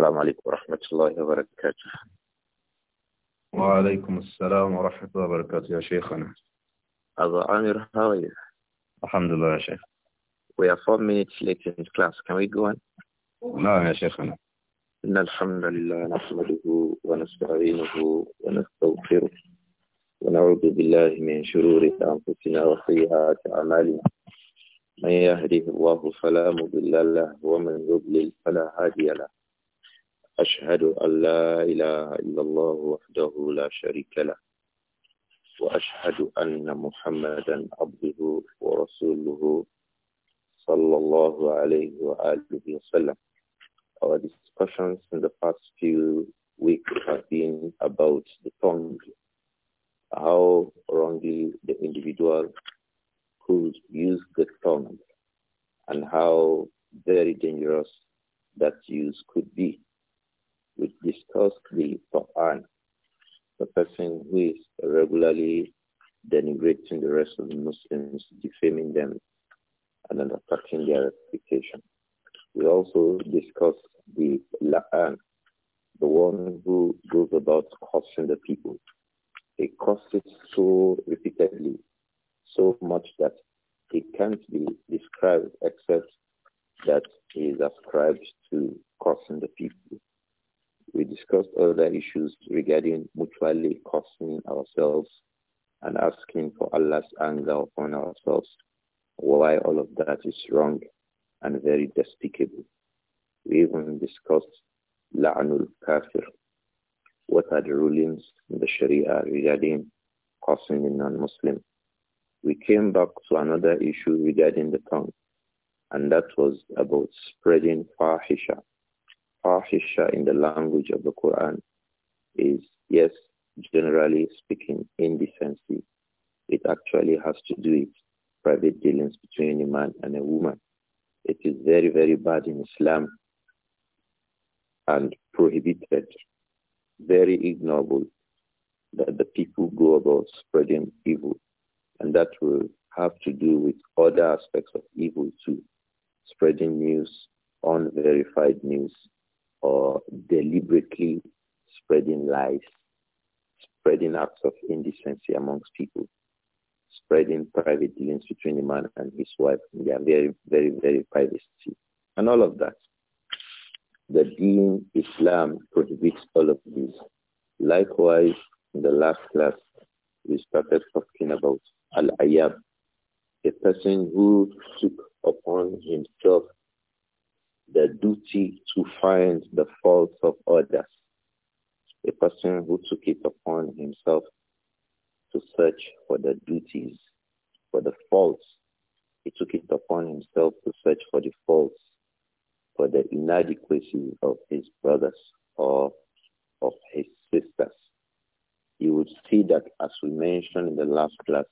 السلام عليكم ورحمة الله وبركاته وعليكم السلام ورحمة الله وبركاته يا شيخنا Abu Amir, how الحمد لله يا شيخ We are four minutes late in class. Can we go on? نعم يا شيخنا. إن الحمد لله نحمده ونستعينه ونستغفره ونعوذ بالله من شرور أنفسنا وسيئات أعمالنا. من يهده الله فلا مضل له ومن يضلل فلا هادي له. أشهد أن لا إله إلا الله وحده لا شريك له وأشهد أن محمدا عبده ورسوله صلى الله عليه وآله وسلم Our discussions in the past few weeks have been about the tongue, how wrongly the individual could use the tongue and how very dangerous that use could be we discussed the Quran, the person who is regularly denigrating the rest of the Muslims, defaming them, and then attacking their reputation. We also discussed the La'an, the one who goes about cursing the people. He curses so repeatedly, so much that he can't be described except that he is ascribed to cursing the people. We discussed other issues regarding mutually costing ourselves and asking for Allah's anger upon ourselves, why all of that is wrong and very despicable. We even discussed La'nul Kafir, what are the rulings in the Sharia regarding cursing a non-Muslim. We came back to another issue regarding the tongue, and that was about spreading fahisha, fahisha in the language of the Quran is, yes, generally speaking, indecency. It actually has to do with private dealings between a man and a woman. It is very, very bad in Islam and prohibited, very ignoble that the people go about spreading evil. And that will have to do with other aspects of evil too, spreading news, unverified news, or deliberately spreading lies, spreading acts of indecency amongst people, spreading private dealings between a man and his wife in their very, very, very privacy, and all of that. The Deen Islam prohibits all of this. Likewise, in the last class, we started talking about Al-Ayab, a person who took upon himself the duty to find the faults of others. A person who took it upon himself to search for the duties, for the faults. He took it upon himself to search for the faults, for the inadequacies of his brothers or of his sisters. You would see that as we mentioned in the last class,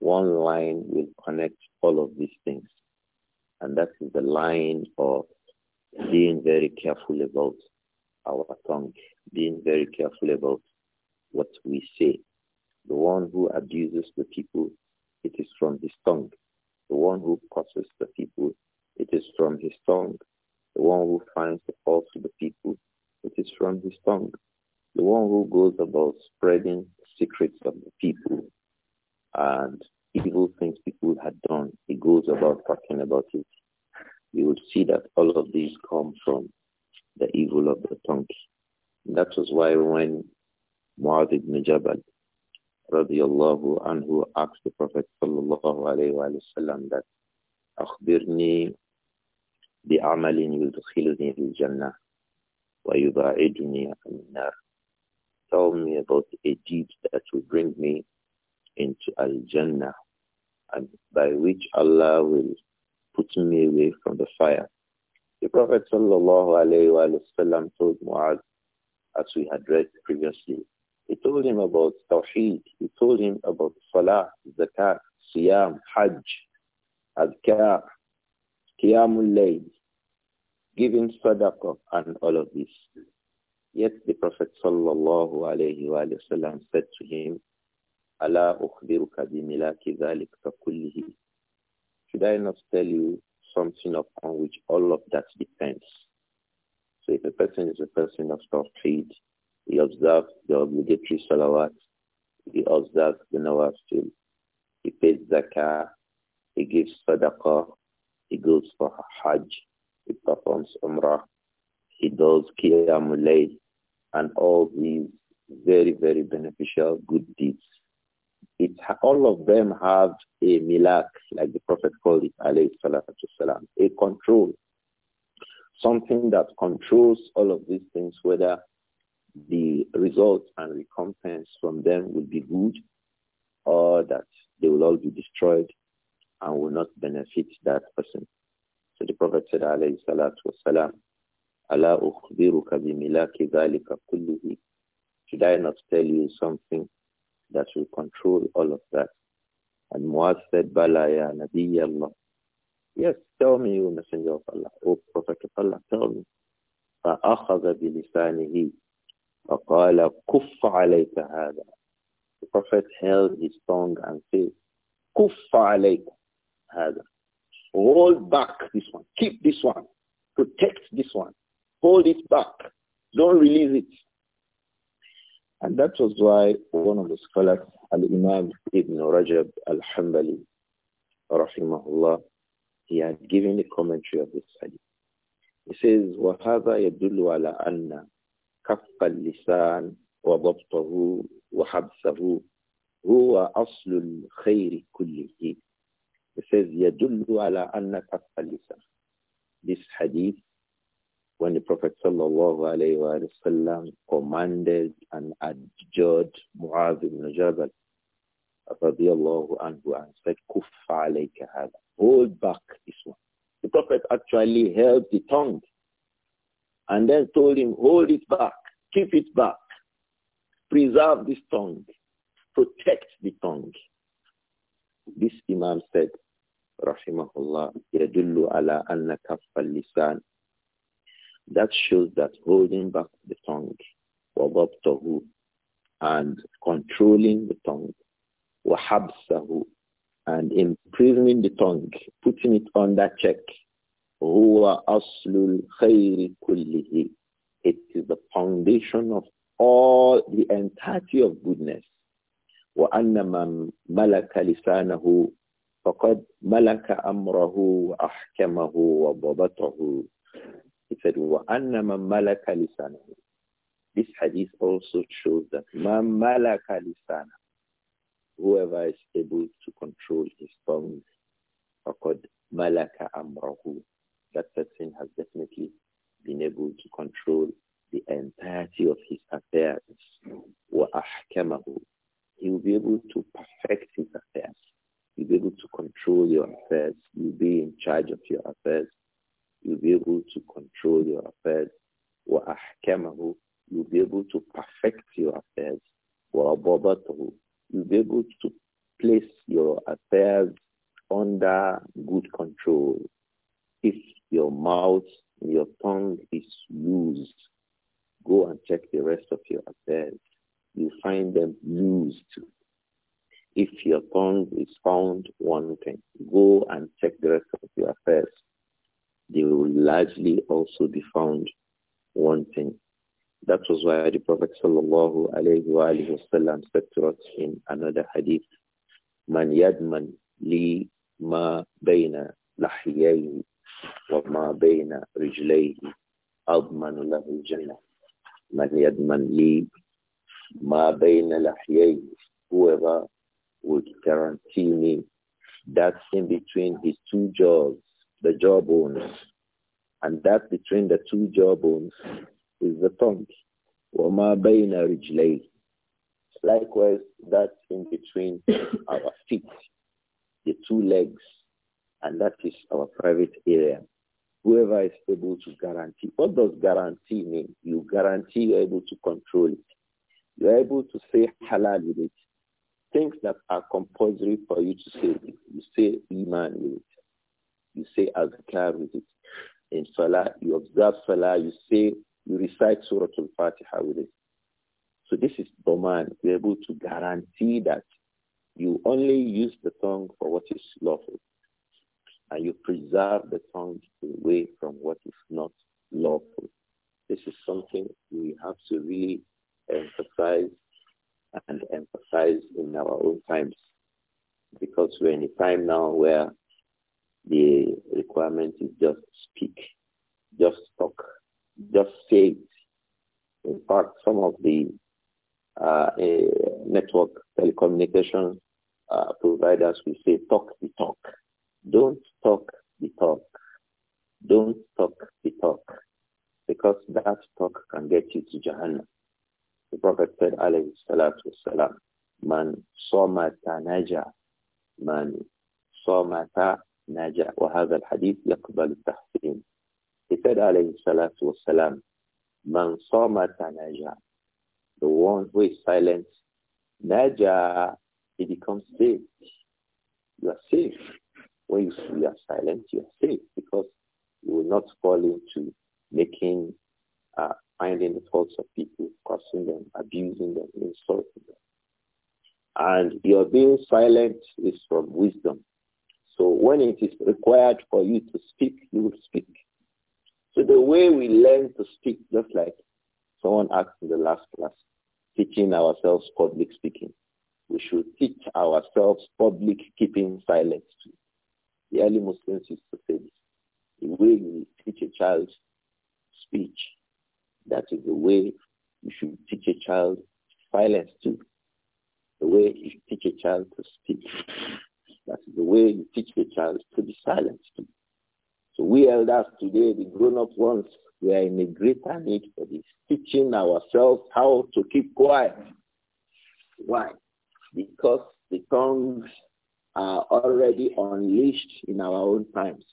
one line will connect all of these things. And that is the line of being very careful about our tongue, being very careful about what we say. The one who abuses the people, it is from his tongue. The one who curses the people, it is from his tongue. The one who finds the fault of the people, it is from his tongue. The one who goes about spreading secrets of the people and evil things people had done. He goes about talking about it. You will see that all of these come from the evil of the tongue. And that was why when Mu'adh ibn Jabal radiallahu anhu asked the Prophet sallallahu alayhi wa sallam that أخبرني بعمل يدخلني الجنة ويباعدني عن النار Tell me about a deed that will bring me into Al-Jannah and by which Allah will put me away from the fire. The Prophet wasallam told Mu'adh, as we had read previously, he told him about Tawheed, he told him about Salah, Zakat, Siyam, Hajj, Adkar, Qiyamul Layl, giving Sadaqah and all of this. Yet the Prophet sallallahu alayhi wa sallam said to him, should I not tell you something upon which all of that depends? So if a person is a person of faith, he observes the obligatory salawat, he observes the nawafil, he pays zakah, he gives sadaqah, he goes for hajj, he performs umrah, he does qiyamul and all these very, very beneficial good deeds all of them have a milak, like the Prophet called it, alayhi salam, a control. Something that controls all of these things, whether the results and recompense from them will be good or that they will all be destroyed and will not benefit that person. So the Prophet said, alayhi salatu wasalam, Allah ukhbiruka bimilaki dhalika kulluhi. Should I not tell you something that will control all of that. And Muaz said, Bala ya Nabi Allah. Yes, tell me, O Messenger of Allah, O Prophet of Allah, tell me. فأخذ بلسانه فقال كف عليك هذا. The Prophet held his tongue and said, كف عليك هذا. Hold back this one. Keep this one. Protect this one. Hold it back. Don't release it. And that was why one of the scholars, Al-Imam Ibn Rajab Al-Hambali, rahimahullah, he had given a commentary of this hadith. He says, وَهَذَا يَدُلُّ عَلَى أَنَّ كَفَّ اللِّسَانِ وَضَبْطَهُ وَحَبْسَهُ هو أصل الخير كله. He says يدل على أن كف اللسان. This hadith when the Prophet وسلم, commanded and adjured Mu'adh ibn Jabal radiallahu anhu and said, Kuffa alayka hada. Hold back this one. The Prophet actually held the tongue and then told him, hold it back, keep it back, preserve this tongue, protect the tongue. This Imam said, rahimahullah, يَدُلُّ عَلَىٰ أَنَّ كَفَّ اللِّسَانِ that shows that holding back the tongue, وَضَبْطَهُ and controlling the tongue, وَحَبْسَهُ and imprisoning the tongue, putting it under check, هُوَ aslul الْخَيْرِ kullihi, It is the foundation of all the entirety of goodness. وأن من ملك لسانه فقد ملك ahkamahu, wa وضبطه he said, "Wa مَنْ مَلَكَ This hadith also shows that مَنْ مَلَكَ Whoever is able to control his tongue, called malaka amrahu, That person has definitely been able to control the entirety of his affairs. وَأَحْكَمَهُ He will be able to perfect his affairs. You'll be able to control your affairs. You'll be in charge of your affairs. You'll be able to control your affairs. وَأَحْكَمَهُ You'll be able to perfect your affairs. وَأَبَوَبَتَهُ You'll be able to place your affairs under good control. If your mouth, your tongue is used, go and check the rest of your affairs. You will find them used. If your tongue is found wanting, go and check the rest of your affairs they will largely also be found wanting. That was why the Prophet sallallahu wasallam said to us in another hadith, Man yadman li ma bayna lahiyayhi wa ma bayna rijlayhi admanu lahu jannah. Man yadman li ma bayna lahiyayhi. Whoever would guarantee me that in between his two jaws the jawbones. And that between the two jawbones is the tongue. وَمَا بَيْنَ رِجْلَيْهِ Likewise, that in between our feet, the two legs, and that is our private area. Whoever is able to guarantee, what does guarantee mean? You guarantee you're able to control it. You're able to say halal with it. Things that are compulsory for you to say, you say iman with it you say azkar with it. In salah, you observe salah, you say, you recite Surah Al-Fatiha with it. So this is Doman. We're able to guarantee that you only use the tongue for what is lawful. And you preserve the tongue away from what is not lawful. This is something we have to really emphasize and emphasize in our own times. Because we're in a time now where the requirement is just speak, just talk, just say it. In fact, some of the uh, eh, network telecommunication uh, providers will say talk the talk. Don't talk the talk. Don't talk the talk. Because that talk can get you to Jahannam. The Prophet said, alayhi salatu wasalam, man somata naja, man somata نجا وهذا الحديث يقبل التحسين He said عليه الصلاة والسلام من صام تنجا The one who is silent نجا he becomes safe. You are safe. When you, you are silent, you are safe because you will not fall into making, uh, finding the faults of people, cursing them, abusing them, insulting them. And your being silent is from wisdom. So when it is required for you to speak, you will speak. So the way we learn to speak, just like someone asked in the last class, teaching ourselves public speaking. We should teach ourselves public keeping silence. The early Muslims used to say this. The way you teach a child speech, that is the way you should teach a child silence too. The way you teach a child to speak, that is the way you teach your child to be silent. So we elders today, the grown-up ones, we are in a greater need for this, teaching ourselves how to keep quiet. Why? Because the tongues are already unleashed in our own times.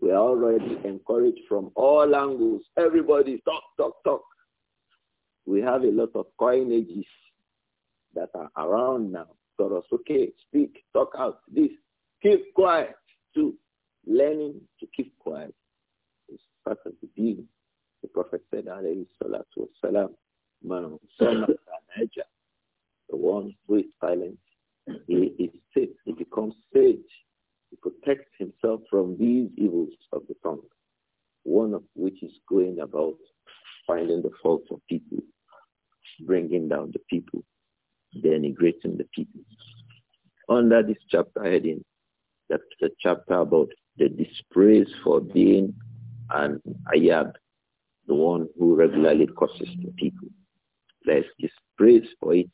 We are already encouraged from all angles. Everybody talk, talk, talk. We have a lot of coinages that are around now us. Okay, speak, talk out, this. Keep quiet. to learning to keep quiet is part of the deen. The Prophet said, alayhi salatu wasalam, man the one who is silent, he is safe. He becomes sage. He protects himself from these evils of the tongue, one of which is going about finding the faults of people, bringing down the people, denigrating the people. Under this chapter heading, that's the chapter about the dispraise for being an ayab, the one who regularly curses the people. There's dispraise for it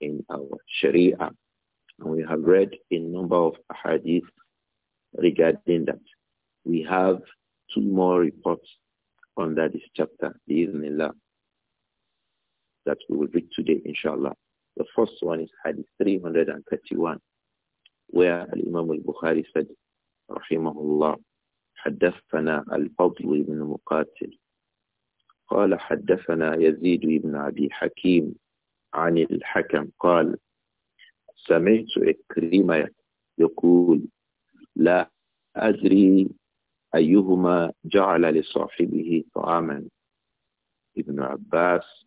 in our Sharia. And we have read a number of hadith regarding that. We have two more reports under this chapter, the Allah, that we will read today, inshallah. The first one is Hadith 331, where Imam al-Bukhari said, رحمه الله حدثنا الفضل بن مقاتل قال حدثنا يزيد بن أبي حكيم عن الحكم قال سمعت إكرمة يقول لا أدري أيهما جعل لصاحبه طعاما ابن عباس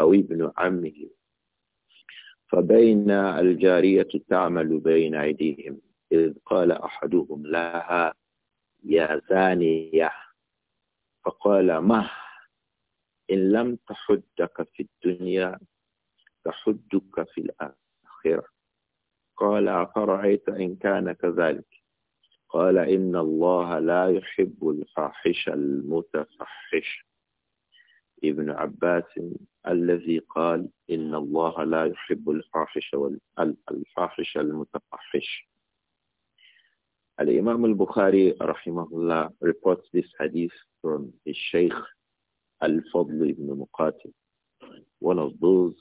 أو ابن عمه فبين الجارية تعمل بين أيديهم إذ قال أحدهم لها يا زانية فقال مه إن لم تحدك في الدنيا تحدك في الآخرة قال أفرأيت إن كان كذلك قال إن الله لا يحب الفاحش المتفحش Ibn Abbas الذي قال إن الله لا يحب الفاحش والفاحش المتفحش Al-Imam al-Bukhari reports this hadith from his Shaykh Al-Fadl ibn Muqatil, one of those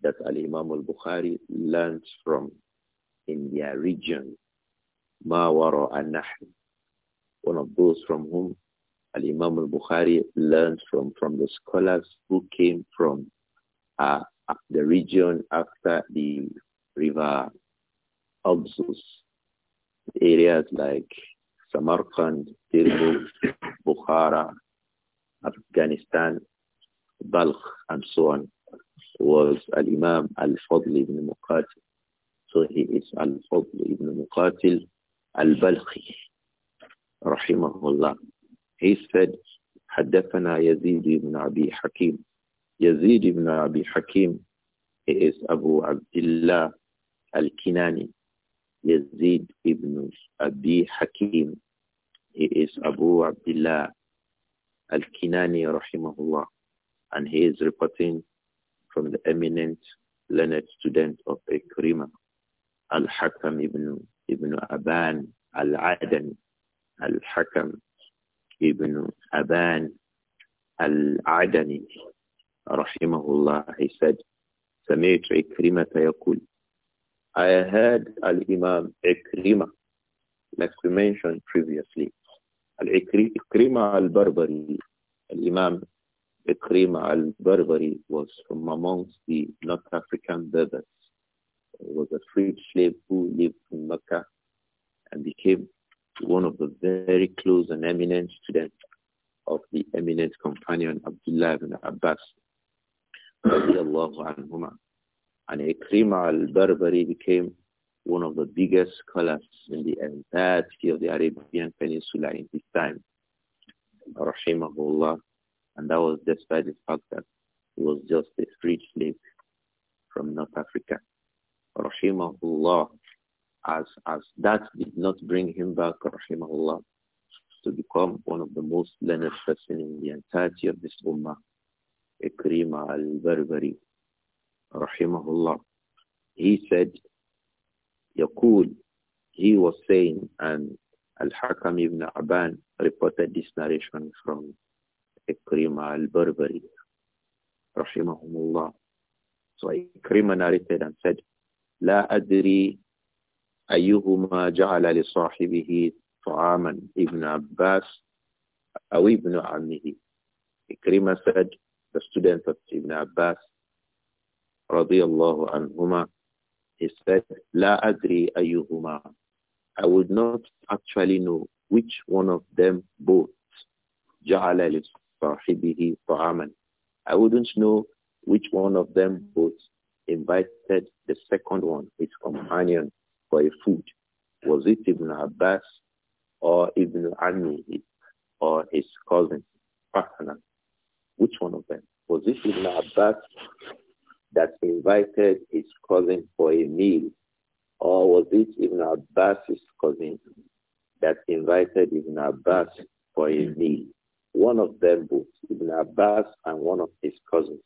that Al-Imam al-Bukhari learned from in their region, Mawara al-Nahl, one of those from whom Al-Imam al-Bukhari learned from, from the scholars who came from uh, uh the region after the river Oxus, areas like Samarkand, Tirmidh, Bukhara, Afghanistan, Balkh, and so on, was Al-Imam Al-Fadl ibn Muqatil. So he is Al-Fadl ibn Muqatil Al-Balkhi, rahimahullah. He said, حدثنا يزيد بن أبي حكيم يزيد بن أبي حكيم is Abu Abdullah al-Kinani Yazid ibn Abi Hakim he is Abu Abdullah al-Kinani rahimahullah and he is reporting from the eminent learned student of Ikrima al-Hakam ibn ibn Aban al-Adani al-Hakam Ibn Aban al-Adani, rahimahullah, he said, سمعت عكرمة يقول I heard Al-Imam Ikrima, like we mentioned previously. Al-Ikrimah al-Barbari, Al-Imam Ikrimah al barbari al imam Ikrima al barbari was from amongst the North African Berbers. He was a freed slave who lived in Mecca and became one of the very close and eminent students of the eminent companion Abdullah ibn Abbas. and Ikrimah al-Barbari became one of the biggest scholars in the entirety of the Arabian Peninsula in his time. Rahimahullah. And that was despite the fact that he was just a free slave from North Africa. Rahimahullah as, as that did not bring him back, rahimahullah, to become one of the most learned person in the entirety of this ummah, Ikrima al-Barbari, rahimahullah. He said, Yaqul, he was saying, and Al-Hakam ibn Aban reported this narration from Ikrima al-Barbari, rahimahullah. So Ikrima narrated and said, لا أدري أيهما جعل لصاحبه طعاما ابن عباس أو ابن عمه Ikrima said the student of Ibn Abbas رضي الله عنهما he said لا أدري أيهما I would not actually know which one of them both جعل لصاحبه طعاما I wouldn't know which one of them both invited the second one, his companion, for a food. Was it Ibn Abbas or Ibn Anihi or his cousin, partner? Which one of them? Was it Ibn Abbas that invited his cousin for a meal? Or was it Ibn Abbas's cousin that invited Ibn Abbas for a meal? One of them both, Ibn Abbas and one of his cousins,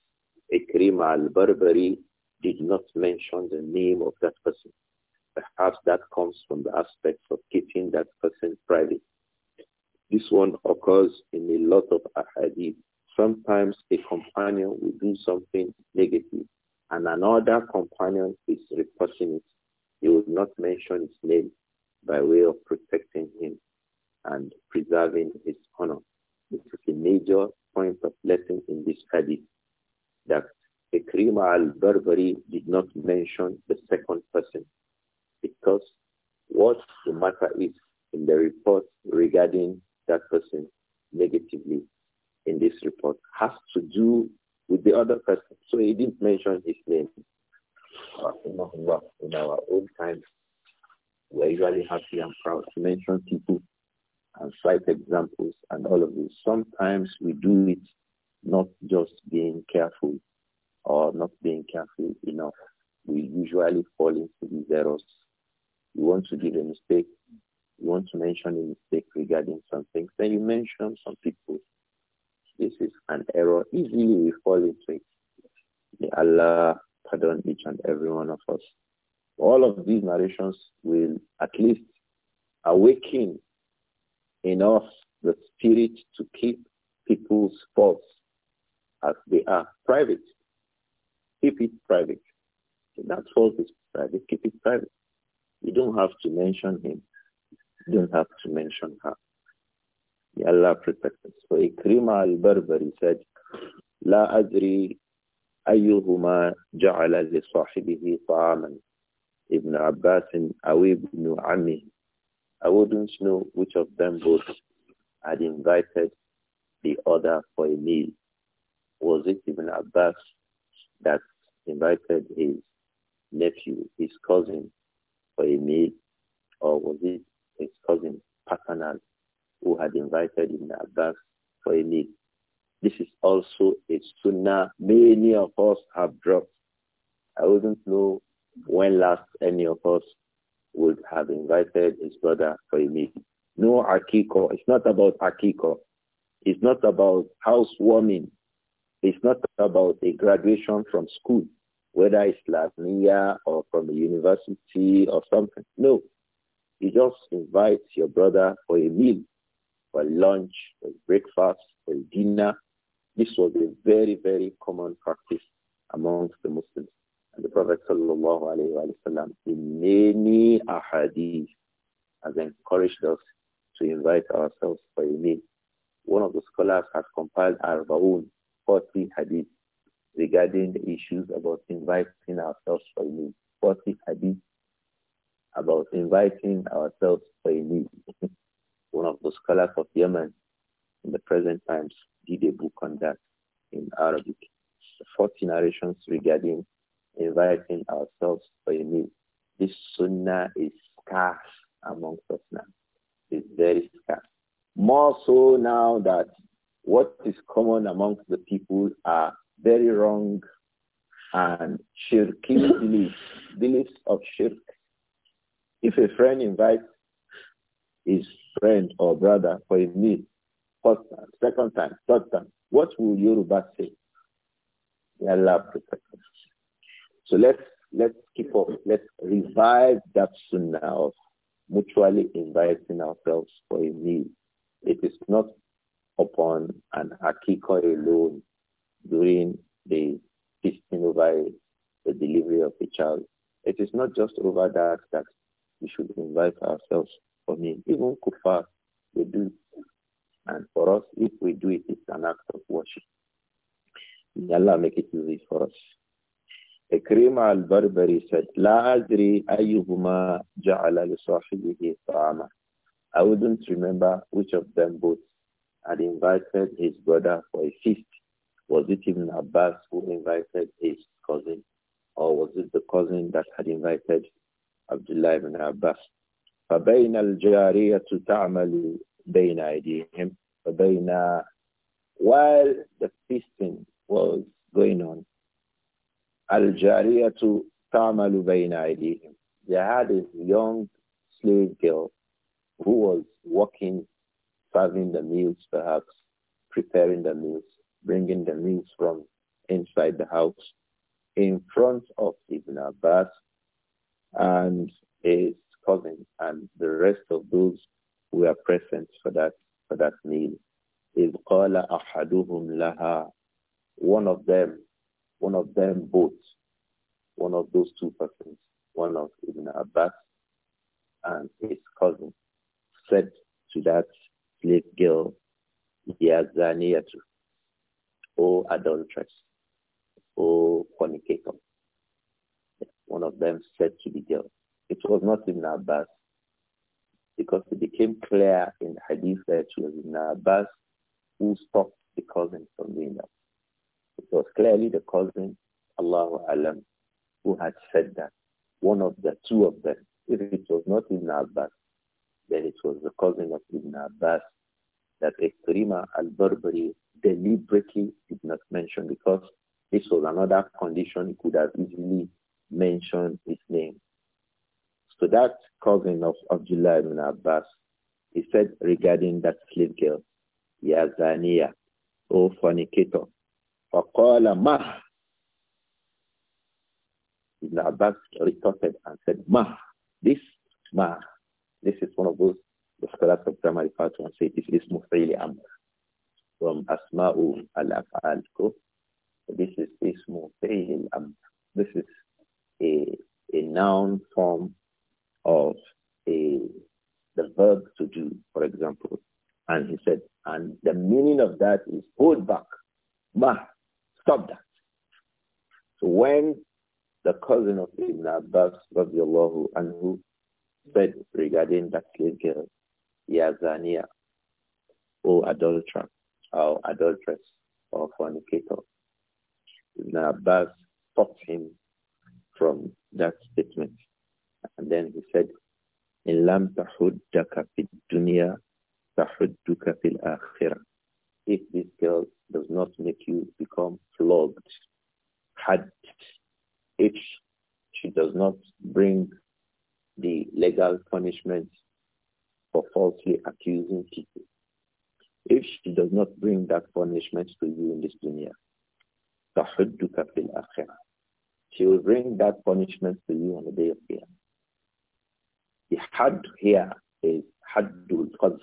Ikrimah al-Barbari, did not mention the name of that person. Perhaps that comes from the aspect of keeping that person private. This one occurs in a lot of hadith. Sometimes a companion will do something negative and another companion is reporting it. He will not mention his name by way of protecting him and preserving his honor. This is a major point of lesson in this hadith that Ikrima al-Barbari did not mention the second person because what the matter is in the report regarding that person negatively in this report has to do with the other person. So he didn't mention his name. In our own times, we're usually happy and proud to mention people and cite examples and all of this. Sometimes we do it not just being careful or not being careful enough. We usually fall into these errors you want to give a mistake, you want to mention a mistake regarding something, then you mention some people. This is an error. Easily we fall into it. May Allah pardon each and every one of us. All of these narrations will at least awaken in us the spirit to keep people's faults as they are private. Keep it private. If that fault is private, keep it private. You don't have to mention him. You don't have to mention her. May Allah protect us. So Ikrima al-Barbari said, لا أدري أيهما جعل لصاحبه طعاما ابن عباس أو ابن عمه I wouldn't know which of them both had invited the other for a meal. Was it Ibn Abbas that invited his nephew, his cousin, for a meal, or was it his cousin Paternal who had invited in advance for a meal? This is also a sunnah many of us have dropped. I wouldn't know when last any of us would have invited his brother for a meal. No akiko. It's not about akiko. It's not about housewarming. It's not about a graduation from school whether it's Islamia or from the university or something. No. You just invite your brother for a meal, for lunch, for breakfast, for dinner. This was a very, very common practice amongst the Muslims. And the Prophet sallallahu alayhi wa sallam in many ahadith has encouraged us to invite ourselves for a meal. One of the scholars has compiled Arbaun, 40 hadith regarding the issues about inviting ourselves for a meal. 40 hadith about inviting ourselves for a meal. One of the scholars of Yemen in the present times did a book on that in Arabic. 40 narrations regarding inviting ourselves for a meal. This sunnah is scarce amongst us now. It's very scarce. More so now that what is common amongst the people are very wrong and shirki beliefs, beliefs of shirk. If a friend invites his friend or brother for a meal, first time, second time, third time, what will Yoruba say? Allah protect us. So let's let's keep up, let's revive that sunnah of mutually inviting ourselves for a meal. It is not upon an akiko alone during the feasting over the delivery of a child. It is not just over that that we should invite ourselves for me. Even kufar we do And for us, if we do it, it's an act of worship. May Allah make it easy for us. al البربري said "La adri أدري أيهما جعل لصاحبه طعاما I wouldn't remember which of them both had invited his brother for a feast was it even Abbas who invited his cousin? Or was it the cousin that had invited Abdullah ibn Abbas? فبين الجارية تعمل بين أيديهم فبين while the feasting was going on الجارية تعمل بين أيديهم they had a young slave girl who was working serving the meals perhaps preparing the meals bringing the meals from inside the house in front of Ibn Abbas and his cousin and the rest of those who are present for that for that meal. إذ قال أحدهم لها one of them one of them both one of those two persons one of Ibn Abbas and his cousin said to that slave girl, Yazaniyatu, O adulteress, O fornicator. One of them said to the girl. It was not in Abbas because it became clear in the hadith that it was in Abbas who stopped the cousin from doing that. It was clearly the cousin, Allah Alam, who had said that. One of the two of them. If it was not Ibn Abbas, then it was the cousin of Ibn Abbas that Ikrimah al-Barbari deliberately did not mention because this was another condition he could have easily mentioned his name. So that cousin of Abdullah ibn Abbas, he said regarding that slave girl, Yazania, O fornicator, فَقَالَ مَهْ Ibn Abbas retorted and said, Mah, this Mah, this is one of those the scholars of grammar refer to and say most Mufili Amr from Asma'u al-Af'al. This is Ismu Fa'il um, This is a, a noun form of a, the verb to do, for example. And he said, and the meaning of that is hold back. Ma, stop that. So when the cousin of Ibn Abbas, radiallahu anhu, said regarding that slave girl, Yazania, O adulterer, or adulteress or fornicator. Ibn Abbas stopped him from that statement. And then he said, إن لم تحدك If this girl does not make you become flogged, had, if she does not bring the legal punishment for falsely accusing people, if she does not bring that punishment to you in this dunya. تَحُدُّكَ فِي الْآخِرَةِ She will bring that punishment to you on the day of Qiyamah. The had here is haddul qadf,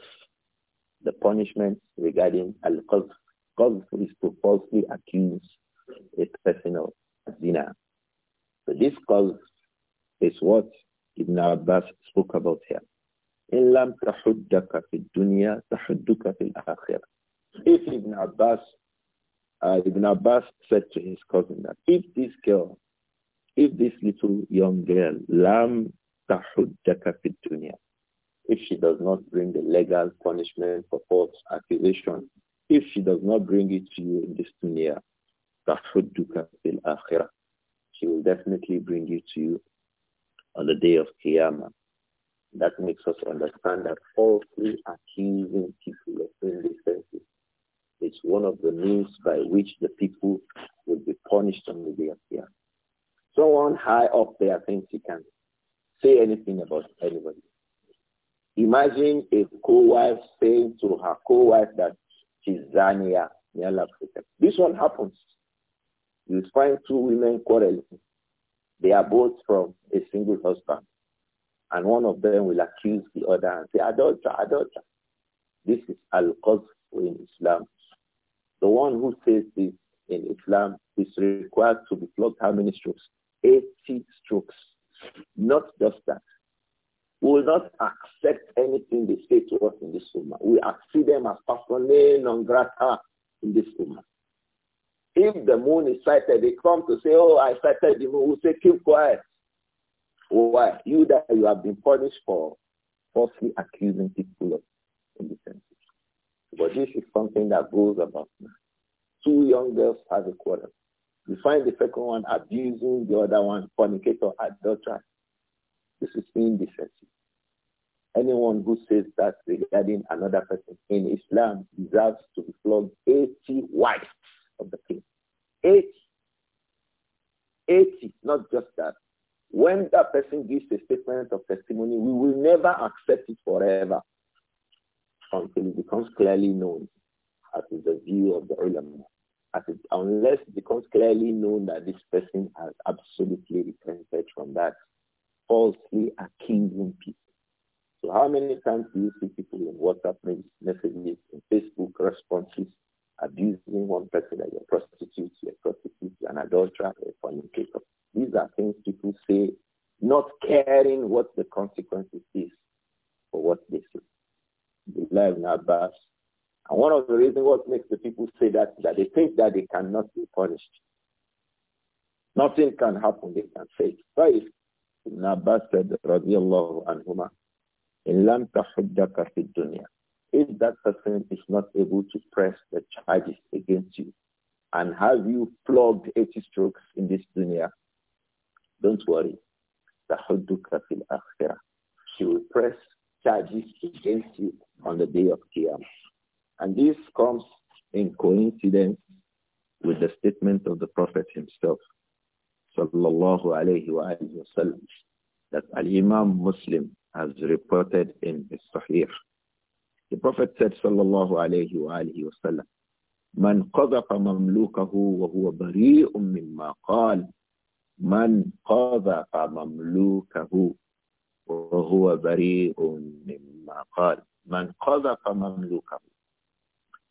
the punishment regarding al-qadf. Qadf is to falsely accuse a person of zina. So this qadf is what Ibn Abbas spoke about here. If Ibn Abbas, uh, Ibn Abbas said to his cousin that if this girl, if this little young girl, lam تحدك في dunya, if she does not bring the legal punishment for false accusation, if she does not bring it to you in this dunya, تحدك في akhirah, She will definitely bring it to you on the day of Qiyamah. That makes us understand that falsely accusing people of indecency is one of the means by which the people will be punished on the day of Someone high up there thinks he can say anything about anybody. Imagine a co-wife saying to her co-wife that she's Zania, near Africa. This one happens. You find two women quarreling. They are both from a single husband. And one of them will accuse the other and say, adulterer, adulterer. This is al qasf in Islam. The one who says this in Islam is required to be flogged how many strokes? 80 strokes. Not just that. We will not accept anything they say to us in this ummah. We see them as persona non grata ah, in this ummah. If the moon is sighted, they come to say, oh, I sighted the moon. We say, keep quiet. Why? You that you have been punished for falsely accusing people of indecent. But this is something that goes about. Two young girls have a quarrel. You find the second one abusing the other one, fornicator, adulterer. This is indecent. Anyone who says that regarding another person in Islam deserves to be flogged 80 wives of the king. 80. 80, not just that. When that person gives a statement of testimony, we will never accept it forever until it becomes clearly known, as is the view of the ulama. As it, unless it becomes clearly known that this person has absolutely repented from that falsely accusing people. So how many times do you see people in WhatsApp messages, in Facebook responses abusing one person, you're a prostitute, you're a prostitute, you're an adulterer, you're a fornicator. These are things people say, not caring what the consequences is for what they say. They live in Abbas. And one of the reasons what makes the people say that that they think that they cannot be punished. Nothing can happen, they can say. Five, Ibn Abbas said, radiallahu anhuma, in lam tahuddaka fi dunya. If that person is not able to press the charges against you and have you flogged 80 strokes in this dunya, don't worry. Tahadduka fil akhirah. She will press charges against you on the day of Qiyamah. And this comes in coincidence with the statement of the Prophet himself, sallallahu wa alayhi wa sallam, that Al-Imam Muslim has reported in his Sahih the Prophet said, sallallahu alayhi wa alihi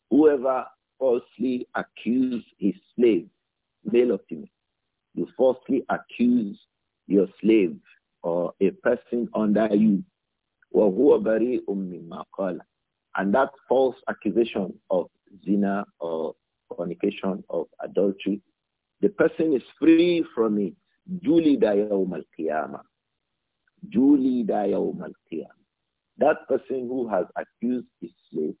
whoever falsely accuses his slave male or female you falsely accuse your slave or a person under you وهو بريء مما قال and that false accusation of zina or fornication of adultery, the person is free from it. Julida yawm al Juli Julida yawm al That person who has accused his slave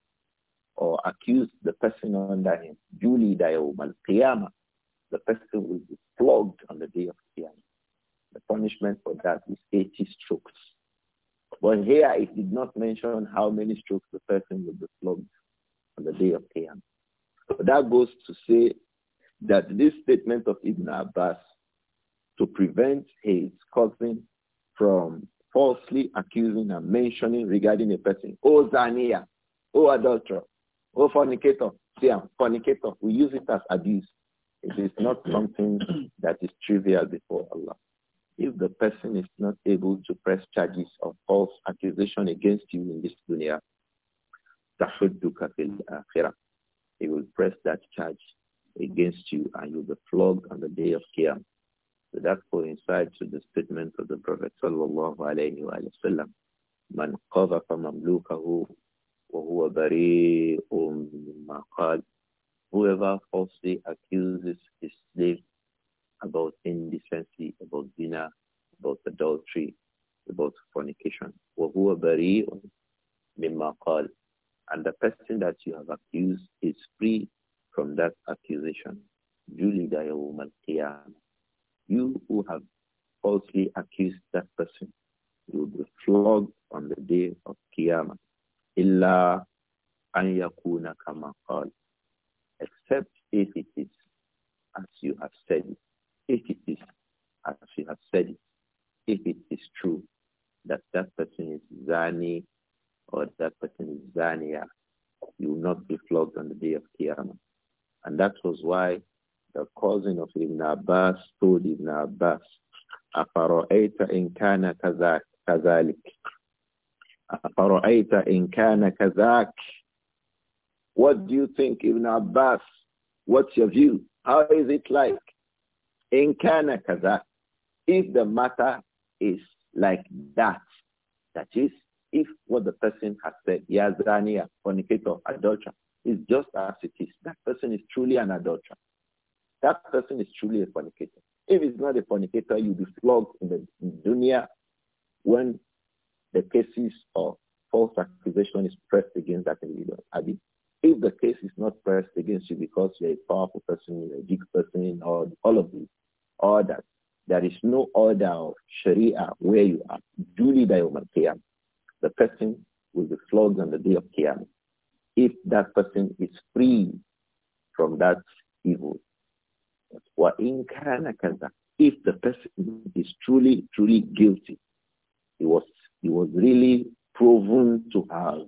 or accused the person under him, Julida yawm al The person will be flogged on the day of Qiyamah. The punishment for that is 80 strokes. But here it did not mention how many strokes the person will be flogged on the day of Qiyam. that goes to say that this statement of Ibn Abbas to prevent his cousin from falsely accusing and mentioning regarding a person, oh Zania, oh adulterer, oh fornicator, Siam, fornicator, we use it as abuse. It is not something that is trivial before Allah. If the person is not able to press charges of false accusation against you in this dunya, tahudduka He will press that charge against you and you'll be flogged on the day of Qiyam. So that coincides with the statement of the Prophet sallallahu alayhi wa sallam. من Whoever falsely accuses his slave about indecency, about zina, about adultery, about fornication. وَهُوَ بَرِيءٌ مِمَّا And the person that you have accused is free from that accusation. جُلِدَ يَوْمَ الْقِيَامَةِ You who have falsely accused that person, you will be flogged on the day of Qiyamah. Except if it is as you have said it if it is, as she has said if it is true that that person is Zani or that person is Zania, you will not be flogged on the day of Qiyamah. And that was why the cousin of Ibn Abbas told Ibn Abbas, أَفَرَأَيْتَ إِنْ كَانَ كَذَلِكَ أَفَرَأَيْتَ إِنْ كَانَ كَذَاكَ What do you think, Ibn Abbas? What's your view? How is it like? In kana kaza, if the matter is like that, that is, if what the person has said, yazania, fornicator, adulterer, is just as it is, that person is truly an adulterer. That person is truly a fornicator. If it's not a fornicator, you'll be flogged in the dunya when the cases of false accusation is pressed against that individual. Abi, if the case is not pressed against you because you're a powerful person, you're a big person, or all of these, Order. There is no order of Sharia where you are. Duly Dayuman Qiyam. The person will be flogged on the day of Qiyam. If that person is free from that evil. وَإِنْ كَانَ كَذَا If the person is truly, truly guilty, he was, he was really proven to have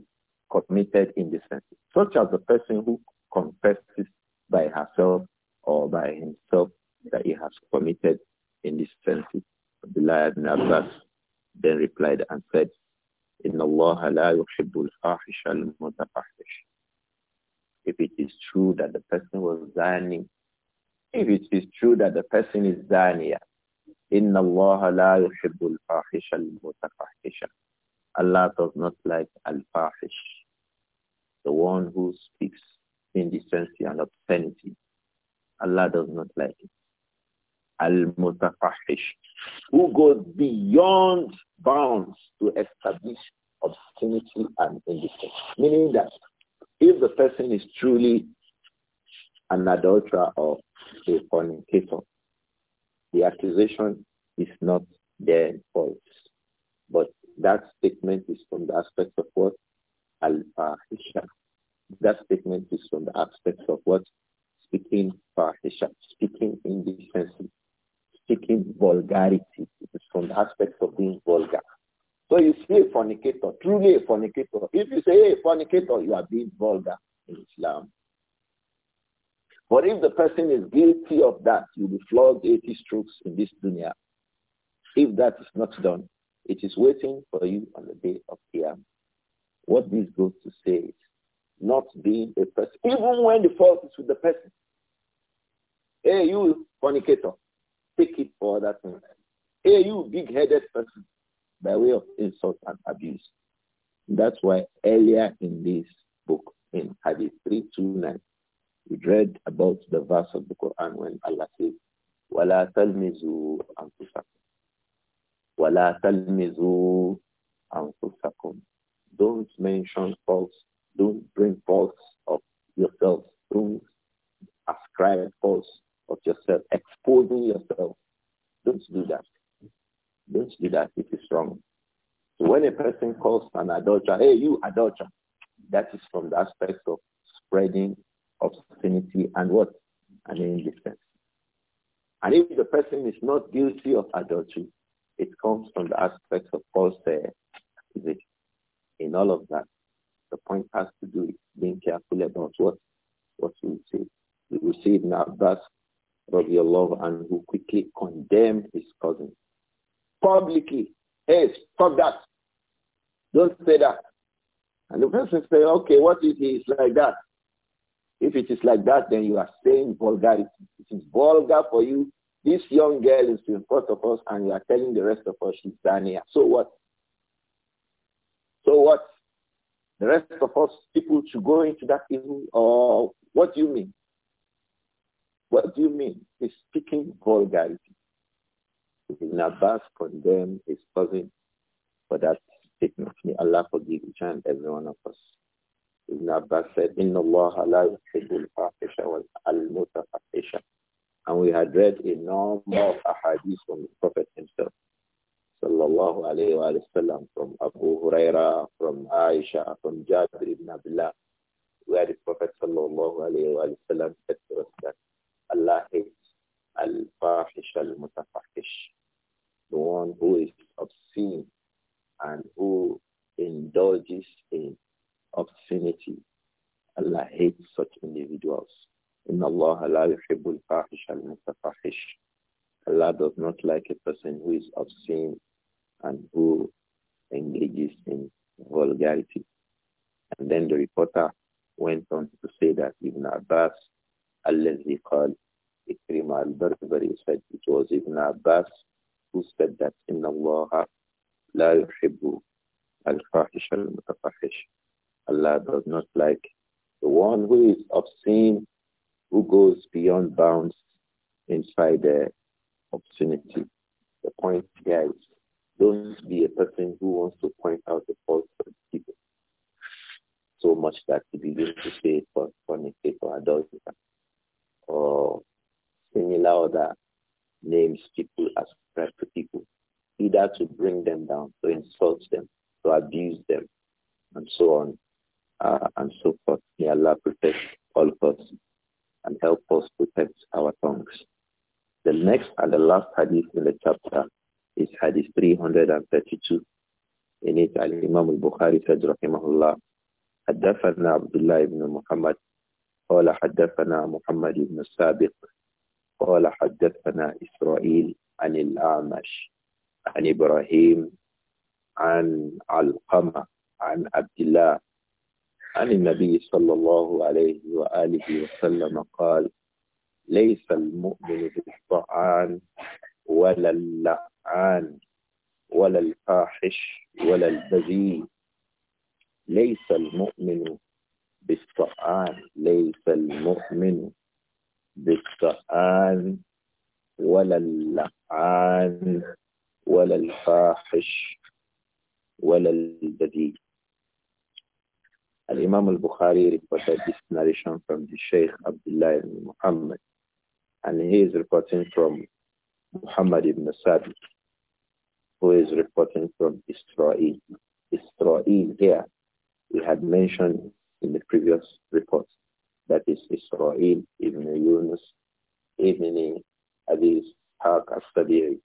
committed indecency, such as the person who confesses by herself or by himself that he has committed in this offense. Abdullah ibn Abbas then replied and said, إن الله لا يحب الفاحش المتفحش. If it is true that the person was zani, if it is true that the person is zaniya, إن الله لا يحب al المتفحش. Allah does not like al-fahish, the one who speaks indecency and obscenity. Allah does not like it al-mutafahish, who goes beyond bounds to establish obscenity and indecency. Meaning that if the person is truly an adulterer or a fornicator, the accusation is not their fault. But that statement is from the aspect of what? Al-Fahisha. That statement is from the aspect of what? Speaking Fahisha, speaking indecency, speaking vulgarity. It is from the aspect of being vulgar. So you see a fornicator, truly a fornicator. If you say, a fornicator, you are being vulgar in Islam. But if the person is guilty of that, you will be flogged 80 strokes in this dunya. If that is not done, it is waiting for you on the day of Qiyam. What this goes to say is not being a person, even when the fault is with the person. Hey, you fornicator, take it for that moment. Hey, you big-headed person, by way of insult and abuse. That's why earlier in this book, in Hadith 329, we read about the verse of the Quran when Allah says, وَلَا تَلْمِزُوا أَنفُسَكُمْ وَلَا تَلْمِزُوا أَنفُسَكُمْ Don't mention false, don't bring false of yourselves, don't ascribe false of yourself, exposing yourself. Don't do that. Don't do that. It is wrong. So when a person calls an adulterer, hey, you adulterer, that is from the aspect of spreading obscenity and what? And indecence. And if the person is not guilty of adultery, it comes from the aspect of false accusation. In all of that, the point has to do with being careful about what what we say. We will see Ibn Abbas and who quickly condemned his cousin publicly. Hey, stop that. Don't say that. And the person said, okay, what if he is like that? If it is like that, then you are saying vulgarity. It is vulgar for you. This young girl is in front of us and you are telling the rest of us she's Dania. So what? So what? The rest of us people should go into that evil or what do you mean? What do you mean? He's speaking vulgarity. Ibn Abbas condemned his cousin for that statement. May Allah forgive each and every one of us. Ibn Abbas said, Inna Allah la yuhibbul fahisha wal And we had read a number of ahadith from the Prophet himself. Sallallahu alayhi wa sallam, from Abu Huraira, from Aisha, from Jabir ibn Abdullah, where the Prophet sallallahu alayhi wa sallam said to us that Allah hates al-fahish al the one who is obscene and who indulges in obscenity. Allah hates such individuals. إن الله لا يحب الفاحش المتفحش. Allah does not like a person who is obscene and who engages in vulgarity. And then the reporter went on to say that Ibn Abbas الذي قال "Ikrima al-Barbari said it was Ibn Abbas who said that la الله al-Fahish al المتفحش Allah does not like the one who is obscene, who goes beyond bounds inside the obscenity. The point here is don't be a person who wants to point out the faults of people so much that he begins to say for people, adults or similar other names people ascribe to people, either to bring them down, to insult them, to abuse them, and so on uh, and so forth. May Allah protect all of us and help us protect our tongues. The next and the last hadith in the chapter is hadith 332. In it, Al-Imam al-Bukhari said, Rahimahullah, حدثنا عبد الله بن محمد قال حدثنا محمد بن السابق قال حدثنا إسرائيل عن الأعمش عن إبراهيم عن علقمة عن عبد الله عن النبي صلى الله عليه وآله وسلم قال ليس المؤمن بالطعان ولا اللعان ولا الفاحش ولا البذيء ليس المؤمن يؤمن ولا اللعان ولا الفاحش ولا imam al-Bukhari reported this narration from the Sheikh Abdullah ibn Muhammad. And he is reporting from Muhammad ibn Sadi, who is reporting from Israel. Israel here, we had mentioned in the previous report that is Israel ibn Yunus ibn Abi Ishaq al-Sabiri.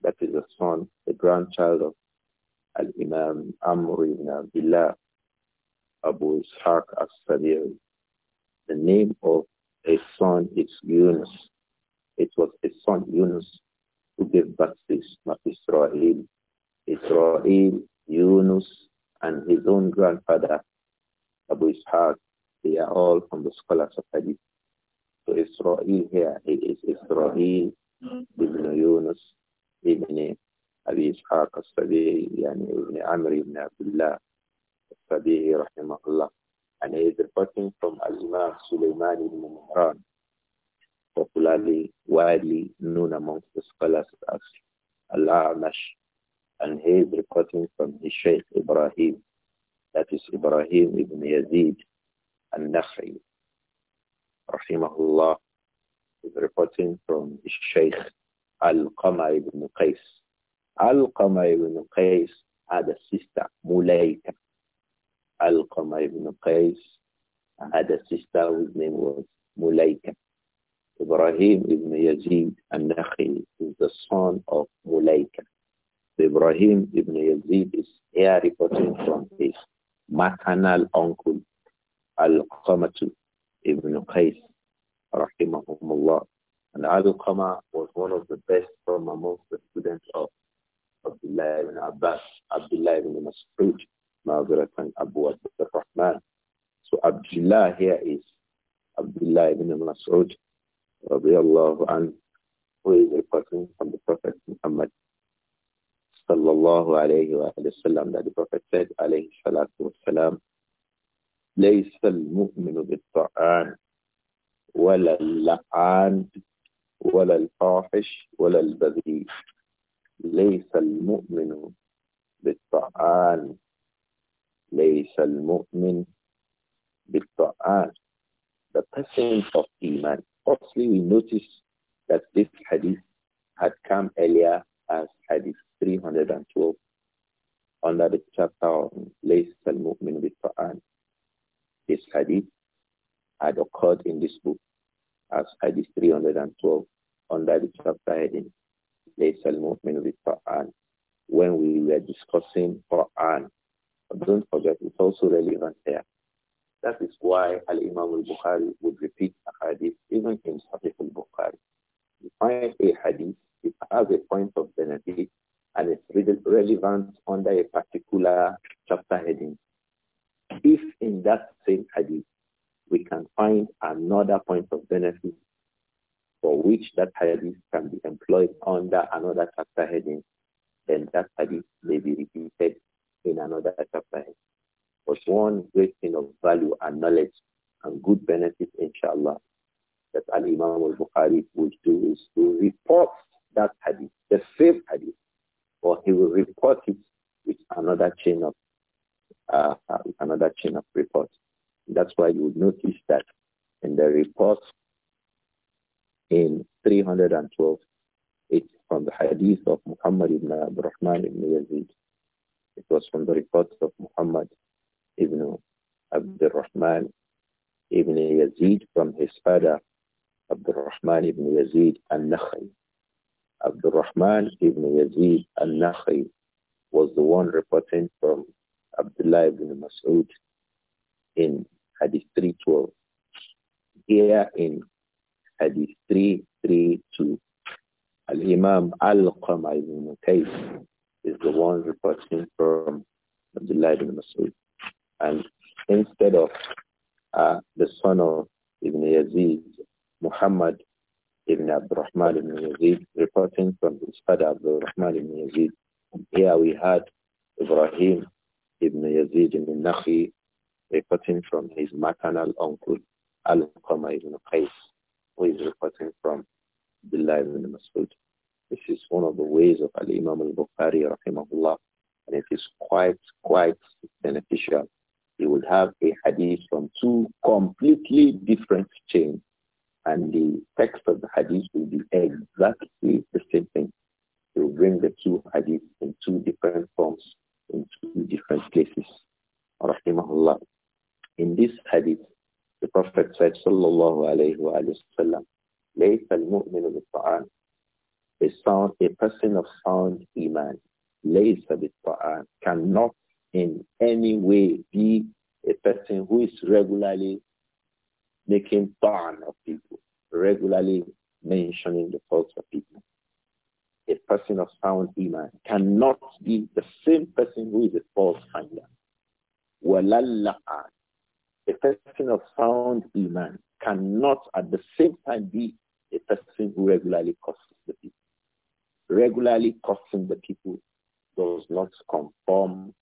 That is the son, the grandchild of Al-Imam Amr ibn Abdullah Abu Ishaq al-Sabiri. The name of a son is Yunus. It was a son Yunus who gave birth to not Israel. Israel, Yunus, and his own grandfather, Abu Ishaq they are all from the scholars of Hadith. So Israel here, it is Israel ibn Yunus ibn Abi إسحاق al يعني ابن Ibn Amr Ibn Abdullah al رحمه rahimahullah. and he is reporting from Al-Imam Sulaiman ibn Mihran popularly widely known amongst the scholars as Al-Amash and he is reporting from his Sheikh Ibrahim that is Ibrahim ibn Yazid Al-Nakhri, rahimahullah, is reporting from Sheikh Al-Qamar ibn Qais. Al-Qamar ibn Qais had a sister, Muleika. Al-Qamar ibn Qais had a sister whose name was Mulaika. Ibrahim ibn Yazid al-Nakhi is the son of Muleika. Ibrahim ibn Yazid is here reporting from his maternal uncle Al-Qamatu ibn Qais, rahimahumullah. And Al-Qama was one of the best from amongst the students of Abdullah ibn Abbas, Abdullah ibn Mas'ud, Ma'aziratan Abu al Abdurrahman. So Abdullah here is Abdullah ibn Mas'ud, radiallahu anhu, who is reporting from the Prophet Muhammad sallallahu alayhi wa sallam that Abdurrahman ibn Yazid from his father, Abdurrahman ibn Yazid al-Nakhi. Abdurrahman ibn Yazid al-Nakhi was the one reporting from Abdullah ibn Mas'ud in Hadith 312. Here in Hadith 332, Al-Imam Al-Qama ibn Muqayyis is the one reporting from Abdullah ibn Mas'ud. And instead of uh, the son of Ibn Yazid, Muhammad Ibn Abdurrahman Ibn Yazid, reporting from his father Abdurrahman Ibn Yazid. Here we had Ibrahim Ibn Yazid Ibn Nakhi reporting from his maternal uncle, Al-Qama Ibn Qais, who is reporting from Bilal Ibn Masud. This is one of the ways of Al-Imam Al-Bukhari, rahimahullah, and it is quite, quite beneficial they would have a hadith from two completely different chains, and the text of the hadith will be exactly the same thing. They will bring the two hadith in two different forms, in two different places. Rahimahullah. In this hadith, the Prophet said, Sallallahu alayhi wa sallam, لَيْسَ الْمُؤْمِنُ بِالطَّعَانِ a, sound, a person of sound iman, لَيْسَ بِالطَّعَانِ cannot in any way be a person who is regularly making fun of people, regularly mentioning the faults of people. A person of sound iman cannot be the same person who is a false finder. A person of sound iman cannot at the same time be a person who regularly curses the people. Regularly cursing the people does not conform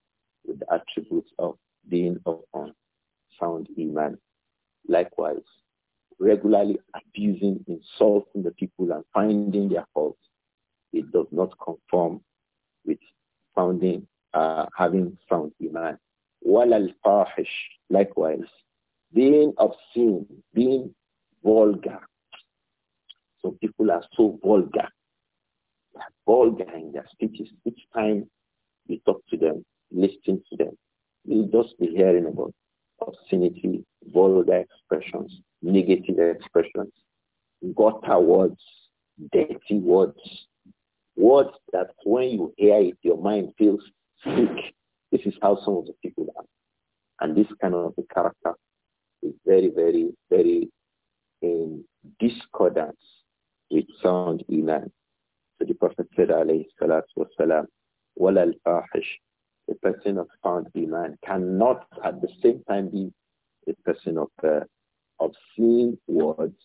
with the attributes of being upon sound iman. Likewise, regularly abusing, insulting the people and finding their faults, it does not conform with founding, uh, having sound iman. Walal fahish, likewise, being obscene, being vulgar. So people are so vulgar. They are vulgar in their speeches. Each time you talk to them, listening to them. You'll just be hearing about obscenity, vulgar expressions, negative expressions, gutter words, dirty words, words that when you hear it, your mind feels sick. This is how some of the people are. And this kind of a character is very, very, very in discordance with sound iman. So the Prophet said, alayhi salatu wasalam, وَلَا الْفَاحِشِ a person of sound mind cannot at the same time be a person of uh, obscene words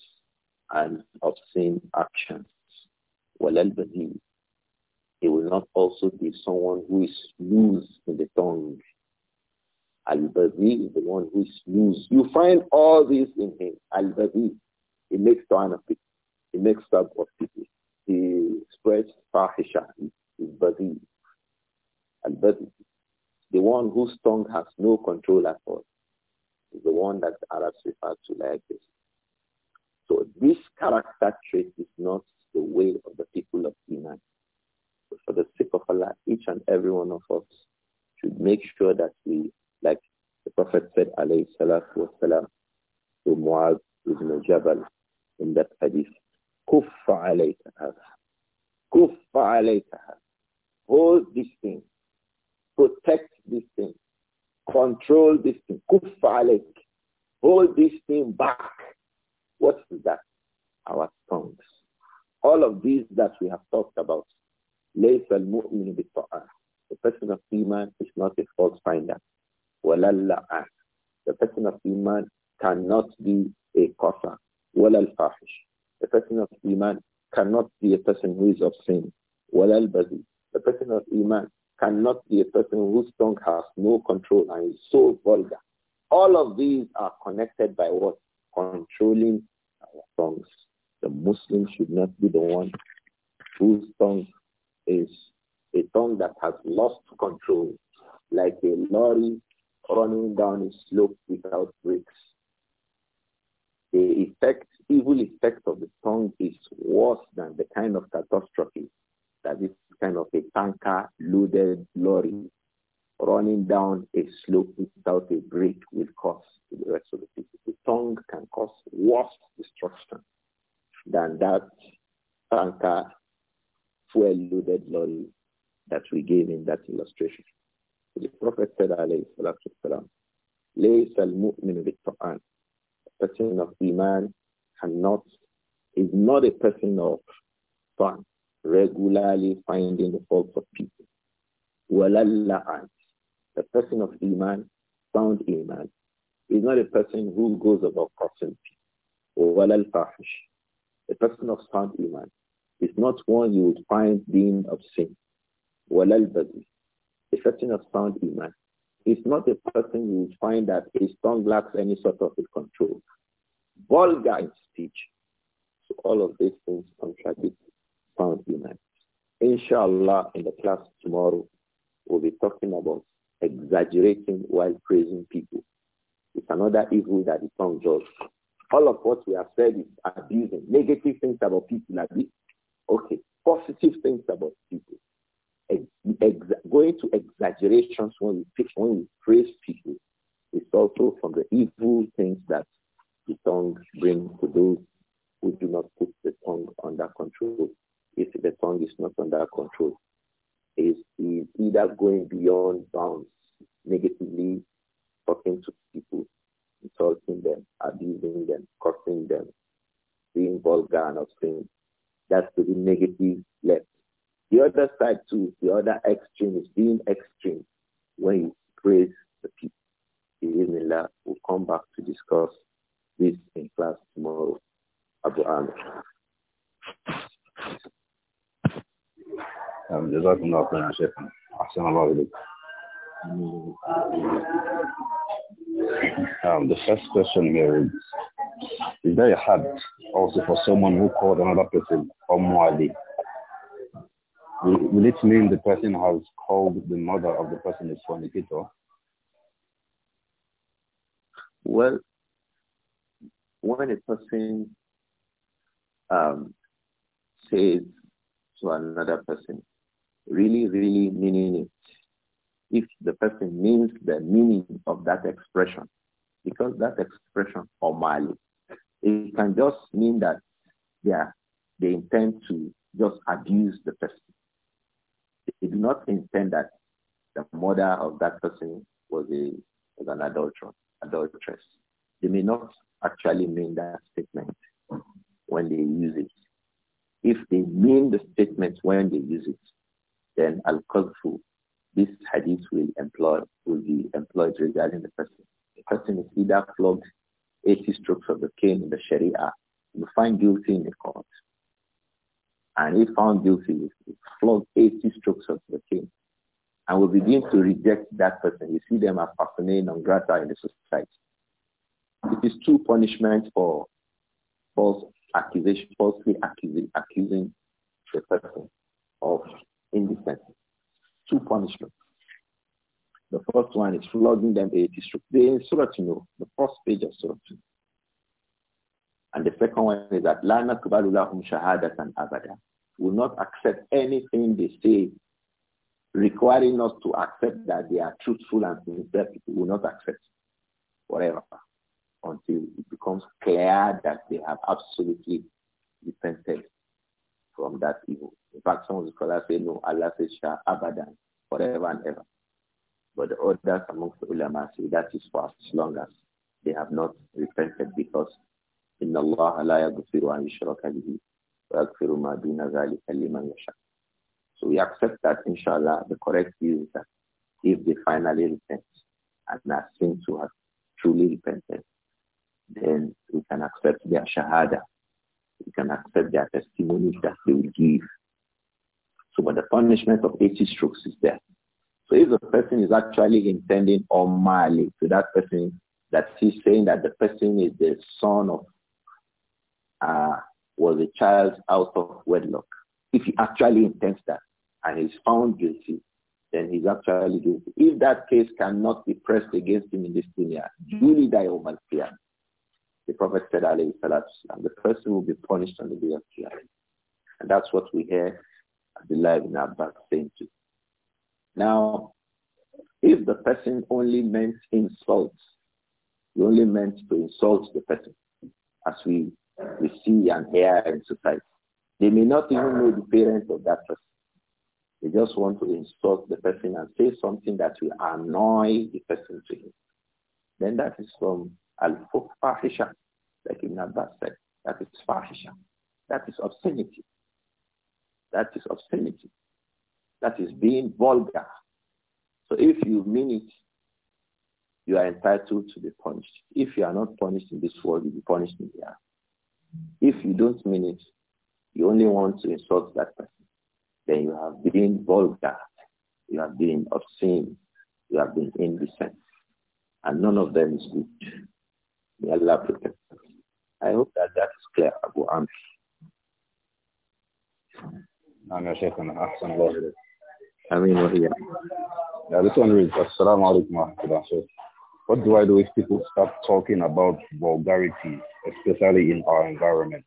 and obscene actions. Walalbazi. He will not also be someone who is loose in the tongue. Al-Bazi is the one who is loose. You find all this in him. Al-Bazi. He makes fun of people. He makes fun of people. He spreads fahisha. He's Bazi. Al-Bazi. The one whose tongue has no control at all is the one that Arabs refer to like this. So this character trait is not the way of the people of Iman. But for the sake of Allah, each and every one of us should make sure that we, like the Prophet said, alayhi salatu wasalam, to Mu'adh ibn Jabal in that hadith, kuffa alayka hadha. Kuffa alayka hadha. Hold this thing. Protect this thing. Control this thing. Kufalik. Hold this thing back. What is that? Our tongues. All of these that we have talked about. ليس المؤمن بالطاعة. The person of iman is not a fault finder. al اللعان. The person of iman cannot be a kafir. al الفاحش. The person of iman cannot be a person who is obscene. al البذيء. The person of iman cannot be a person whose tongue has no control and is so vulgar. All of these are connected by what? Controlling our tongues. The Muslim should not be the one whose tongue is a tongue that has lost control, like a lorry running down a slope without brakes. The effect, evil effect of the tongue is worse than the kind of catastrophe that this kind of a tanker loaded lorry running down a slope without a break will cause to the rest of the people. The tongue can cause worse destruction than that tanker fuel loaded lorry that we gave in that illustration. The Prophet said, alayhi salatu wasalam, ليس المؤمن بالقرآن. A person of Iman cannot, is not a person of Quran regularly finding the faults of people. Walallaan. The person of Iman, sound Iman, is not a person who goes about crossing people. Walal fahish. a person of sound Iman is not one you would find being obscene. Walal badi. a person of sound Iman is not a person you would find that his tongue lacks any sort of control. Vulgar in speech. So all of these things contradict sound human. Inshallah, in the class tomorrow, we'll be talking about exaggerating while praising people. It's another evil that the tongue does. All of what we have said is abusing negative things about people. Abuse. Okay, positive things about people. Ex going to exaggerations when we, pick, when we praise people is also from the evil things that the tongue brings to those who do not put the tongue under control if the tongue is not under control. Is is either going beyond bounds, negatively talking to people, insulting them, abusing them, cursing them, being vulgar and obscene. That's to the negative left. The other side too, the other extreme is being extreme when you praise the people. Bismillah, we'll come back to discuss this in class tomorrow. Abu Amir. جزاكم الله خيرا شيخنا أحسن الله إليك Um, the first question here is, is there a also for someone who called another person Omwali? Will, will it mean the person has called the mother of the person is fornicator? Well, when a person um, says to another person, really, really meaning it. If the person means the meaning of that expression, because that expression, or omali, it can just mean that they, are, they intend to just abuse the person. They do not intend that the mother of that person was, a, was an adulterer, adulteress. They may not actually mean that statement when they use it. If they mean the statement when they use it, then al-qadhfu, this hadith will employ will be employed regarding the person. The person is either flogged 80 strokes of the cane in the Sharia, you find guilty in the court. And if found guilty, is flogged 80 strokes of the cane. And we begin to reject that person. You see them as personae non grata in the society. It is true punishment for false accusation, falsely accusing, accusing the person of in this sense, Two punishments. The first one is flogging them a district. They in Surah you know, the first page of Surah you know. And the second one is that La kubalulahum lahum shahadatan abada. Will not accept anything they say, requiring us to accept that they are truthful and sincere people. Will not accept whatever until it becomes clear that they have absolutely repented from that evil. In fact, some of the scholars say, no, Allah says Shah Abadan, forever and ever. But the others amongst the ulama say that is for as long as they have not repented because إن الله لا يغفر أن يشرك به ويغفر ما دون ذلك لمن يشاء. So we accept that, inshallah, the correct view is that if they finally repent and are seen to have truly repented, then we can accept their shahada. We can accept their testimony that they will give so, but the punishment of 80 strokes is there. So if the person is actually intending merely to that person, that he's saying that the person is the son of, uh, was a child out of wedlock. If he actually intends that and is found guilty, then he's actually guilty. If that case cannot be pressed against him in this dunya, duly die Oman The Prophet said, alayhi salatu, the person will be punished on the day of Qiyamah. And that's what we hear Believe in our back to. Now, if the person only meant insults, he only meant to insult the person, as we, we see and hear in society. They may not even know the parents of that person. They just want to insult the person and say something that will annoy the person to him. Then that is from al-fahisha, like Ibn Abbas said. That is fahisha. That is obscenity. That is obscenity. That is being vulgar. So if you mean it, you are entitled to be punished. If you are not punished in this world, you'll be punished in the earth. If you don't mean it, you only want to insult that person, then you have been vulgar, you have been obscene, you have been indecent. And none of them is good. May Allah protect I hope that that is clear, Abu Amr. شيخنا أحسن الله إليك أمين this one reads, Assalamu alaikum What do I do if people start talking about vulgarity, especially in our environment?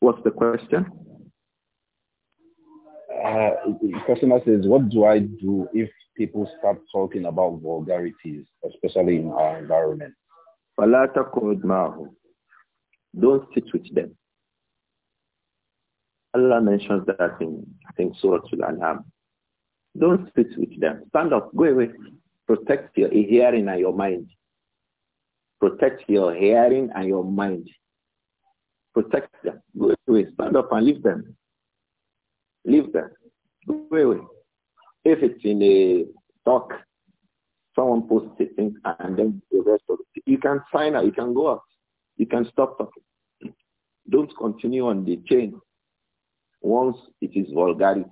What's the question? Uh, the customer says, what do I do if people start talking about vulgarities, especially in our environment? Don't sit with them. Allah mentions that in, I think, Surah Al-An'am. Don't speak with them. Stand up. Go away. Protect your hearing and your mind. Protect your hearing and your mind. Protect them. Go away. Stand up and leave them. Leave them. Go away. If it's in a talk, someone posts a thing and then the rest of it. You can sign out. You can go out. You can stop talking. Don't continue on the chain once it is vulgarity.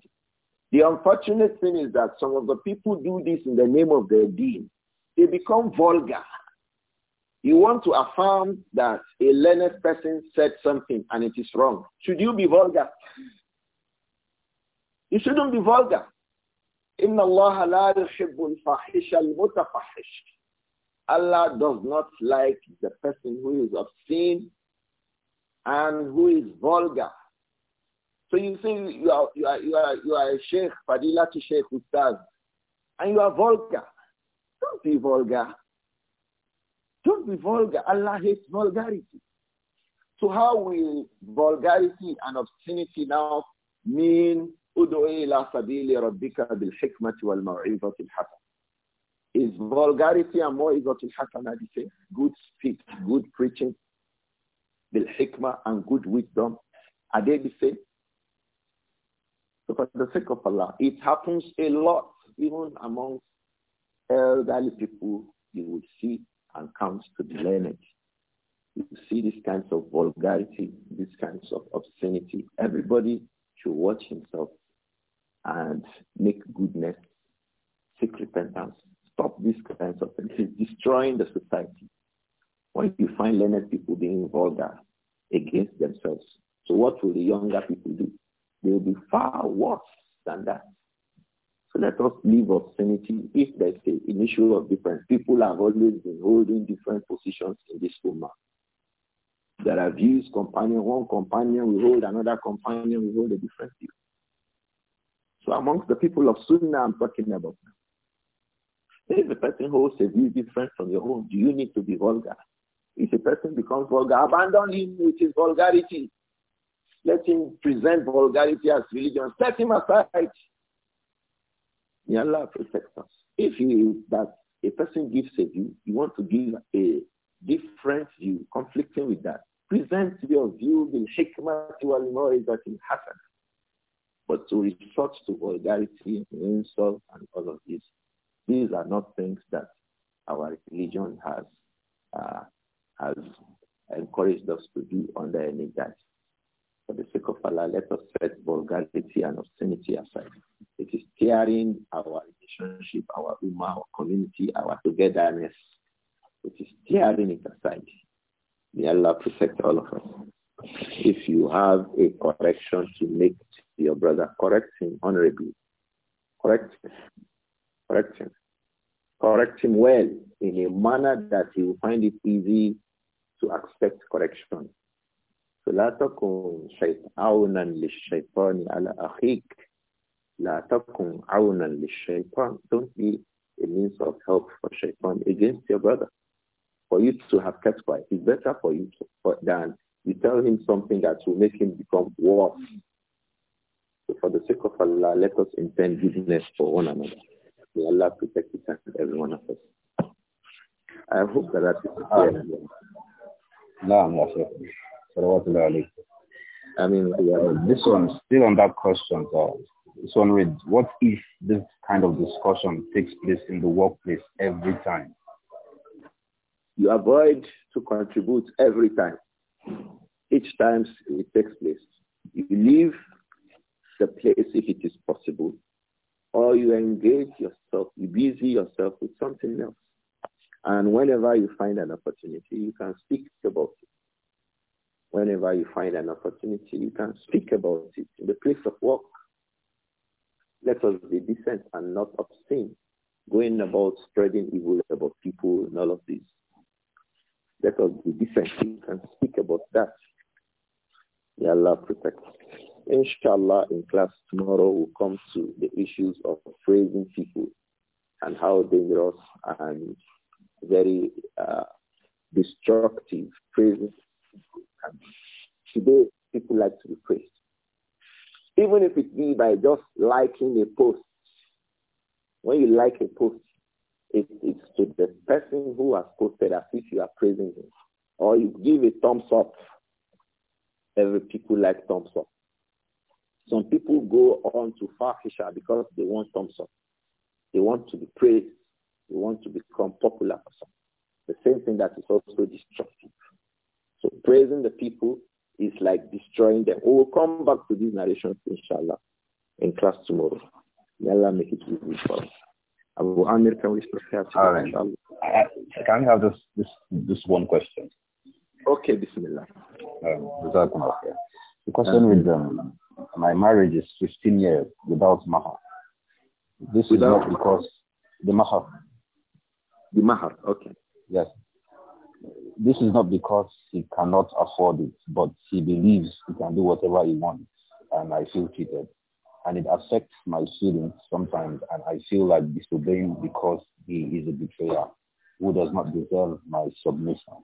The unfortunate thing is that some of the people do this in the name of their deen. They become vulgar. You want to affirm that a learned person said something and it is wrong. Should you be vulgar? You shouldn't be vulgar. Inna اللَّهَ la يُحِبُّ الْفَاحِشَ Allah does not like the person who is obscene and who is vulgar. So you think you are, you are, you are, you are a sheikh, Fadila to sheikh Ustaz, and you are vulgar. Don't be vulgar. Don't be vulgar. Allah hates vulgarity. So how will vulgarity and obscenity now mean ادعي إلى سبيل ربك Is vulgarity and موعظة i the say Good speech, good preaching, بالحكمة and good wisdom. Are they the same? for the sake of Allah. It happens a lot, even amongst elderly people you would see and comes to the learned. You see these kinds of vulgarity, these kinds of obscenity. Everybody should watch himself and make goodness, seek repentance, stop these kinds of things. It's destroying the society. When you find learned people being vulgar against themselves, so what will the younger people do? They will be far worse than that. So let us leave obscenity if there's an issue of difference. People have always been holding different positions in this ummah. There are views, companion, one companion will hold, another companion will hold a different view. So amongst the people of Sunnah, I'm talking about now. If a person holds a view different from your own, do you need to be vulgar? If a person becomes vulgar, abandon him with his vulgarity. Let him present vulgarity as religion. Set him aside. May Allah protect us. If he that a person gives a view, you want to give a different view, conflicting with that. Present your view bil hikmah that mawizati hasan. But to resort to vulgarity, insult, and all of this, these are not things that our religion has uh, has encouraged us to do under any guise. For the sake of Allah, let us set vulgarity and obscenity aside. It is tearing our relationship, our ummah, our community, our togetherness. It is tearing it aside. May Allah protect all of us. If you have a correction to make to your brother, correct him honorably. Correct him. Correct him. Correct him well in a manner that he will find it easy to accept correction. فلا تكن عونا للشيطان على أخيك لا تكن عونا للشيطان don't be a means of help for shaitan against your brother for you to have kept quiet it's better for you to, for, than you tell him something that will make him become worse so for the sake of Allah let us intend goodness for one another may Allah protect each and every one of us I hope that that is clear. am not sure. I mean, this one, still on that question, so this one reads, what if this kind of discussion takes place in the workplace every time? You avoid to contribute every time. Each time it takes place. You leave the place if it is possible, or you engage yourself, you busy yourself with something else. And whenever you find an opportunity, you can speak about it. Whenever you find an opportunity, you can speak about it in the place of work. Let us be decent and not obscene, going about spreading evil about people and all of this. Let us be decent. You can speak about that. May Allah protect. Inshallah, in class tomorrow, we'll come to the issues of praising people and how dangerous and very uh, destructive praising and today people like to be praised. Even if it be by just liking a post. When you like a post, it, it's to the person who has posted as if you are praising him. Or you give a thumbs up. Every people like thumbs up. Some people go on to far fisher because they want thumbs up. They want to be praised. They want to become popular for The same thing that is also destructive. So praising the people is like destroying them. We will come back to these narrations, inshallah, in class tomorrow. May Allah make it easy for us. Abu Amir, can we prepare here All right. inshallah? I, can I have this, this, this one question? Okay, bismillah. Um, the question um, with um, my marriage is 15 years without mahar. This without is not because the mahar. The mahar, okay. Yes, this is not because he cannot afford it, but he believes he can do whatever he wants, and I feel cheated. And it affects my feelings sometimes, and I feel like disobeying because he is a betrayer who does not deserve my submission.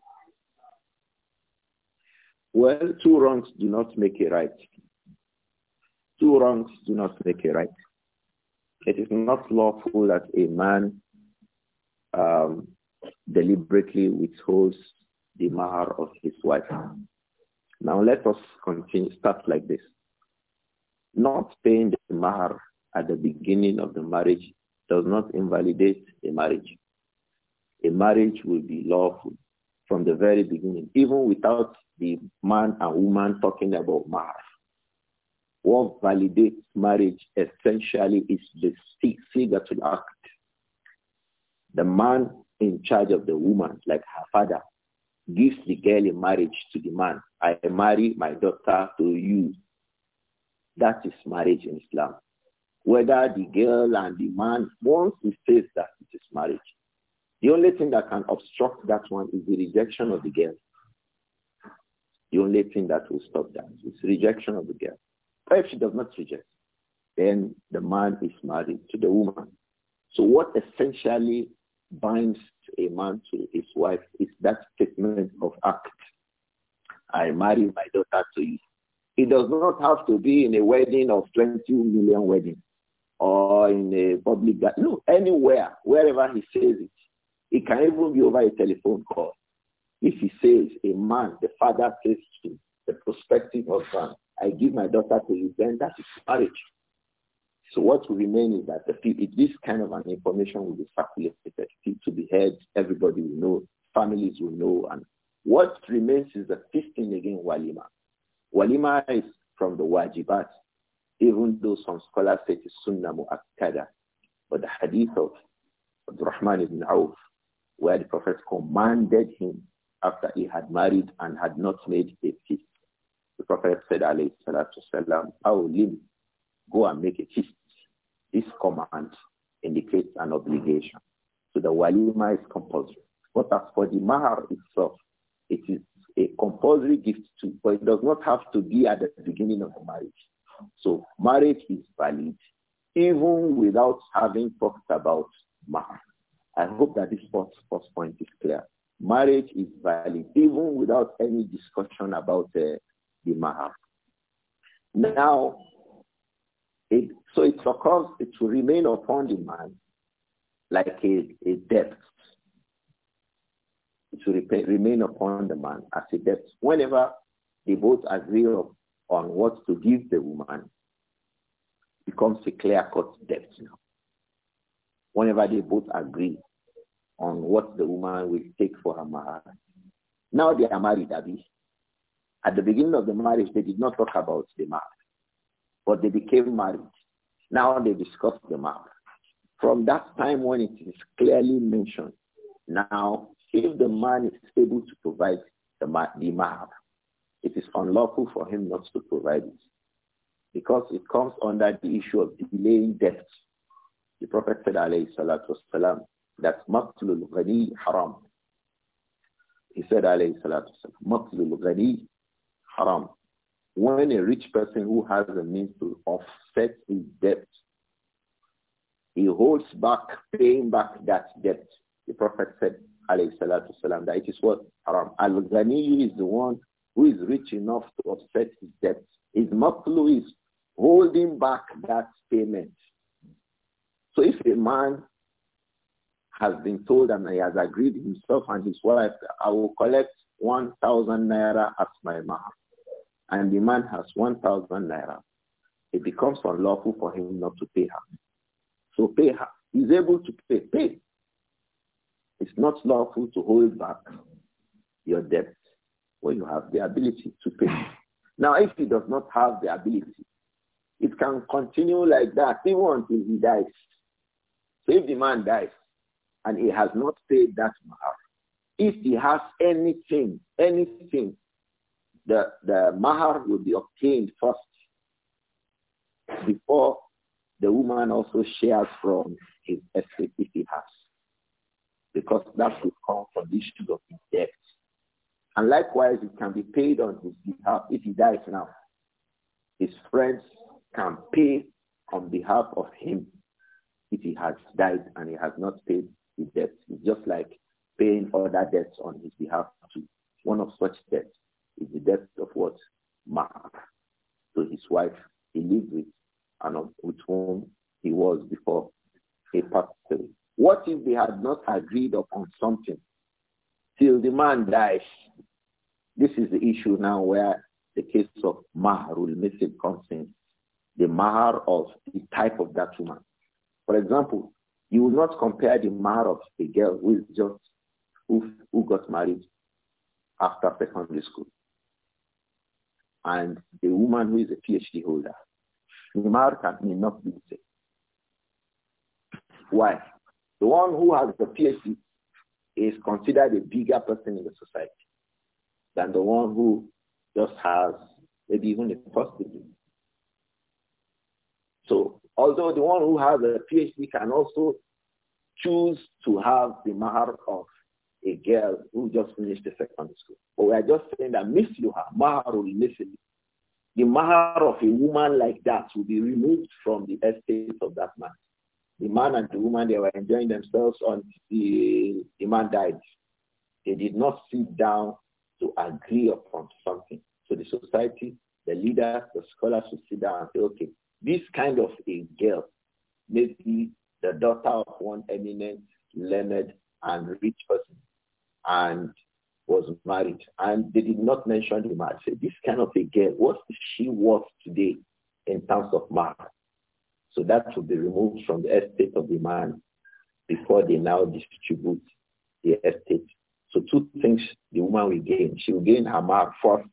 Well, two wrongs do not make a right. Two wrongs do not make a right. It is not lawful that a man um, deliberately withholds the mahar of his wife. Now let us continue, start like this. Not paying the mahar at the beginning of the marriage does not invalidate a marriage. A marriage will be lawful from the very beginning, even without the man and woman talking about mahar. What validates marriage essentially is the sigatul act. The man in charge of the woman, like her father, gives the girl in marriage to the man. I marry my daughter to you. That is marriage in Islam. Whether the girl and the man, once he says that it is marriage, the only thing that can obstruct that one is the rejection of the girl. The only thing that will stop that is rejection of the girl. If she does not reject, then the man is married to the woman. So what essentially binds a man to his wife is that statement of act. I marry my daughter to you. It does not have to be in a wedding of 20 million weddings or in a public, no, anywhere, wherever he says it. It can even be over a telephone call. If he says a man, the father says to the prospective husband, I give my daughter to you, then that is marriage. So what will remain is that the, this kind of an information will be circulated to be heard. Everybody will know, families will know. And what remains is the feasting again, walima. Walima is from the wajibat, even though some scholars say it's sunnah mu'akkada. But the hadith of Rahman ibn Auf, where the Prophet commanded him after he had married and had not made a feast. The Prophet said, alayhi salatu salam, go and make a feast this command indicates an obligation. So the walima is compulsory. But as for the mahar itself, it is a compulsory gift too, but it does not have to be at the beginning of the marriage. So marriage is valid even without having talked about mahar. I hope that this first, first point is clear. Marriage is valid even without any discussion about uh, the mahar. Now, it, so it occurs, it will remain upon the man like a, a debt. It will repay, remain upon the man as a debt. Whenever they both agree on what to give the woman, becomes a clear-cut debt now. Whenever they both agree on what the woman will take for her marriage. Now they are married, Abby. At the beginning of the marriage, they did not talk about the marriage. But they became married. Now they discuss the matter. From that time when it is clearly mentioned, now if the man is able to provide the, ma the mahar, it is unlawful for him not to provide it because it comes under the issue of delaying death. The Prophet said, alayhi salatu wasalam, that maqtlul ghani haram. He said, alayhi salatu wasalam, maqtlul ghani haram when a rich person who has the means to offset his debt, he holds back paying back that debt. The Prophet said, alayhi salatu salam, that it is what? Haram. Al-Ghani is the one who is rich enough to offset his debt. His maqlu is holding back that payment. So if a man has been told and he has agreed himself and his wife, I will collect 1,000 naira as my mahar and the man has 1,000 naira, it becomes unlawful for him not to pay her. So pay her. He's able to pay. Pay. It's not lawful to hold back your debt when you have the ability to pay. Now, if he does not have the ability, it can continue like that even until he dies. So if the man dies and he has not paid that mahar, if he has anything, anything the, the mahar will be obtained first before the woman also shares from his estate if he has. Because that will come from the issue of his debt. And likewise, it can be paid on his behalf if he dies now. His friends can pay on behalf of him if he has died and he has not paid his debt. It's just like paying other debts on his behalf too. One of such debts is the death of what? Mark. So his wife he lived with and with whom he was before he passed away. What if they had not agreed upon something till the man dies? This is the issue now where the case of will miss it in. The mahar of the type of that woman. For example, you will not compare the mahar of a girl who is just who, who got married after secondary school and the woman who is a PhD holder. Nimar can may not be the same. Why? The one who has the PhD is considered a bigger person in the society than the one who just has maybe even a first degree. So although the one who has a PhD can also choose to have the mahar of a girl who just finished the secondary school. But we are just saying that misluha, will misli. The mahar of a woman like that will be removed from the estate of that man. The man and the woman, they were enjoying themselves until the, the man died. They did not sit down to agree upon something. So the society, the leader, the scholars should sit down and say, okay, this kind of a girl may be the daughter of one eminent, learned, and rich person and was married. And they did not mention the marriage. So this kind of a girl, what she worth today in terms of mark? So that will be removed from the estate of the man before they now distribute the estate. So two things the woman will gain. She will gain her mark first.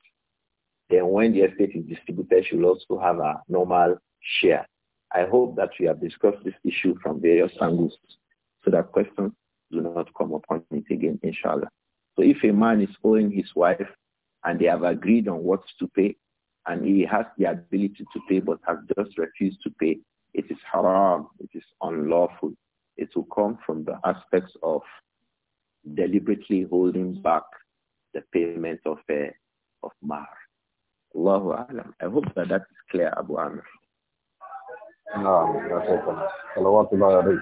Then when the estate is distributed, she will also have a normal share. I hope that we have discussed this issue from various angles. So that question do not come upon it again, inshallah. So if a man is owing his wife and they have agreed on what to pay and he has the ability to pay but has just refused to pay, it is haram, it is unlawful. It will come from the aspects of deliberately holding back the payment of a uh, of mar. Allahu alam. I hope that that is clear, Abu Amr. No, يا شيخنا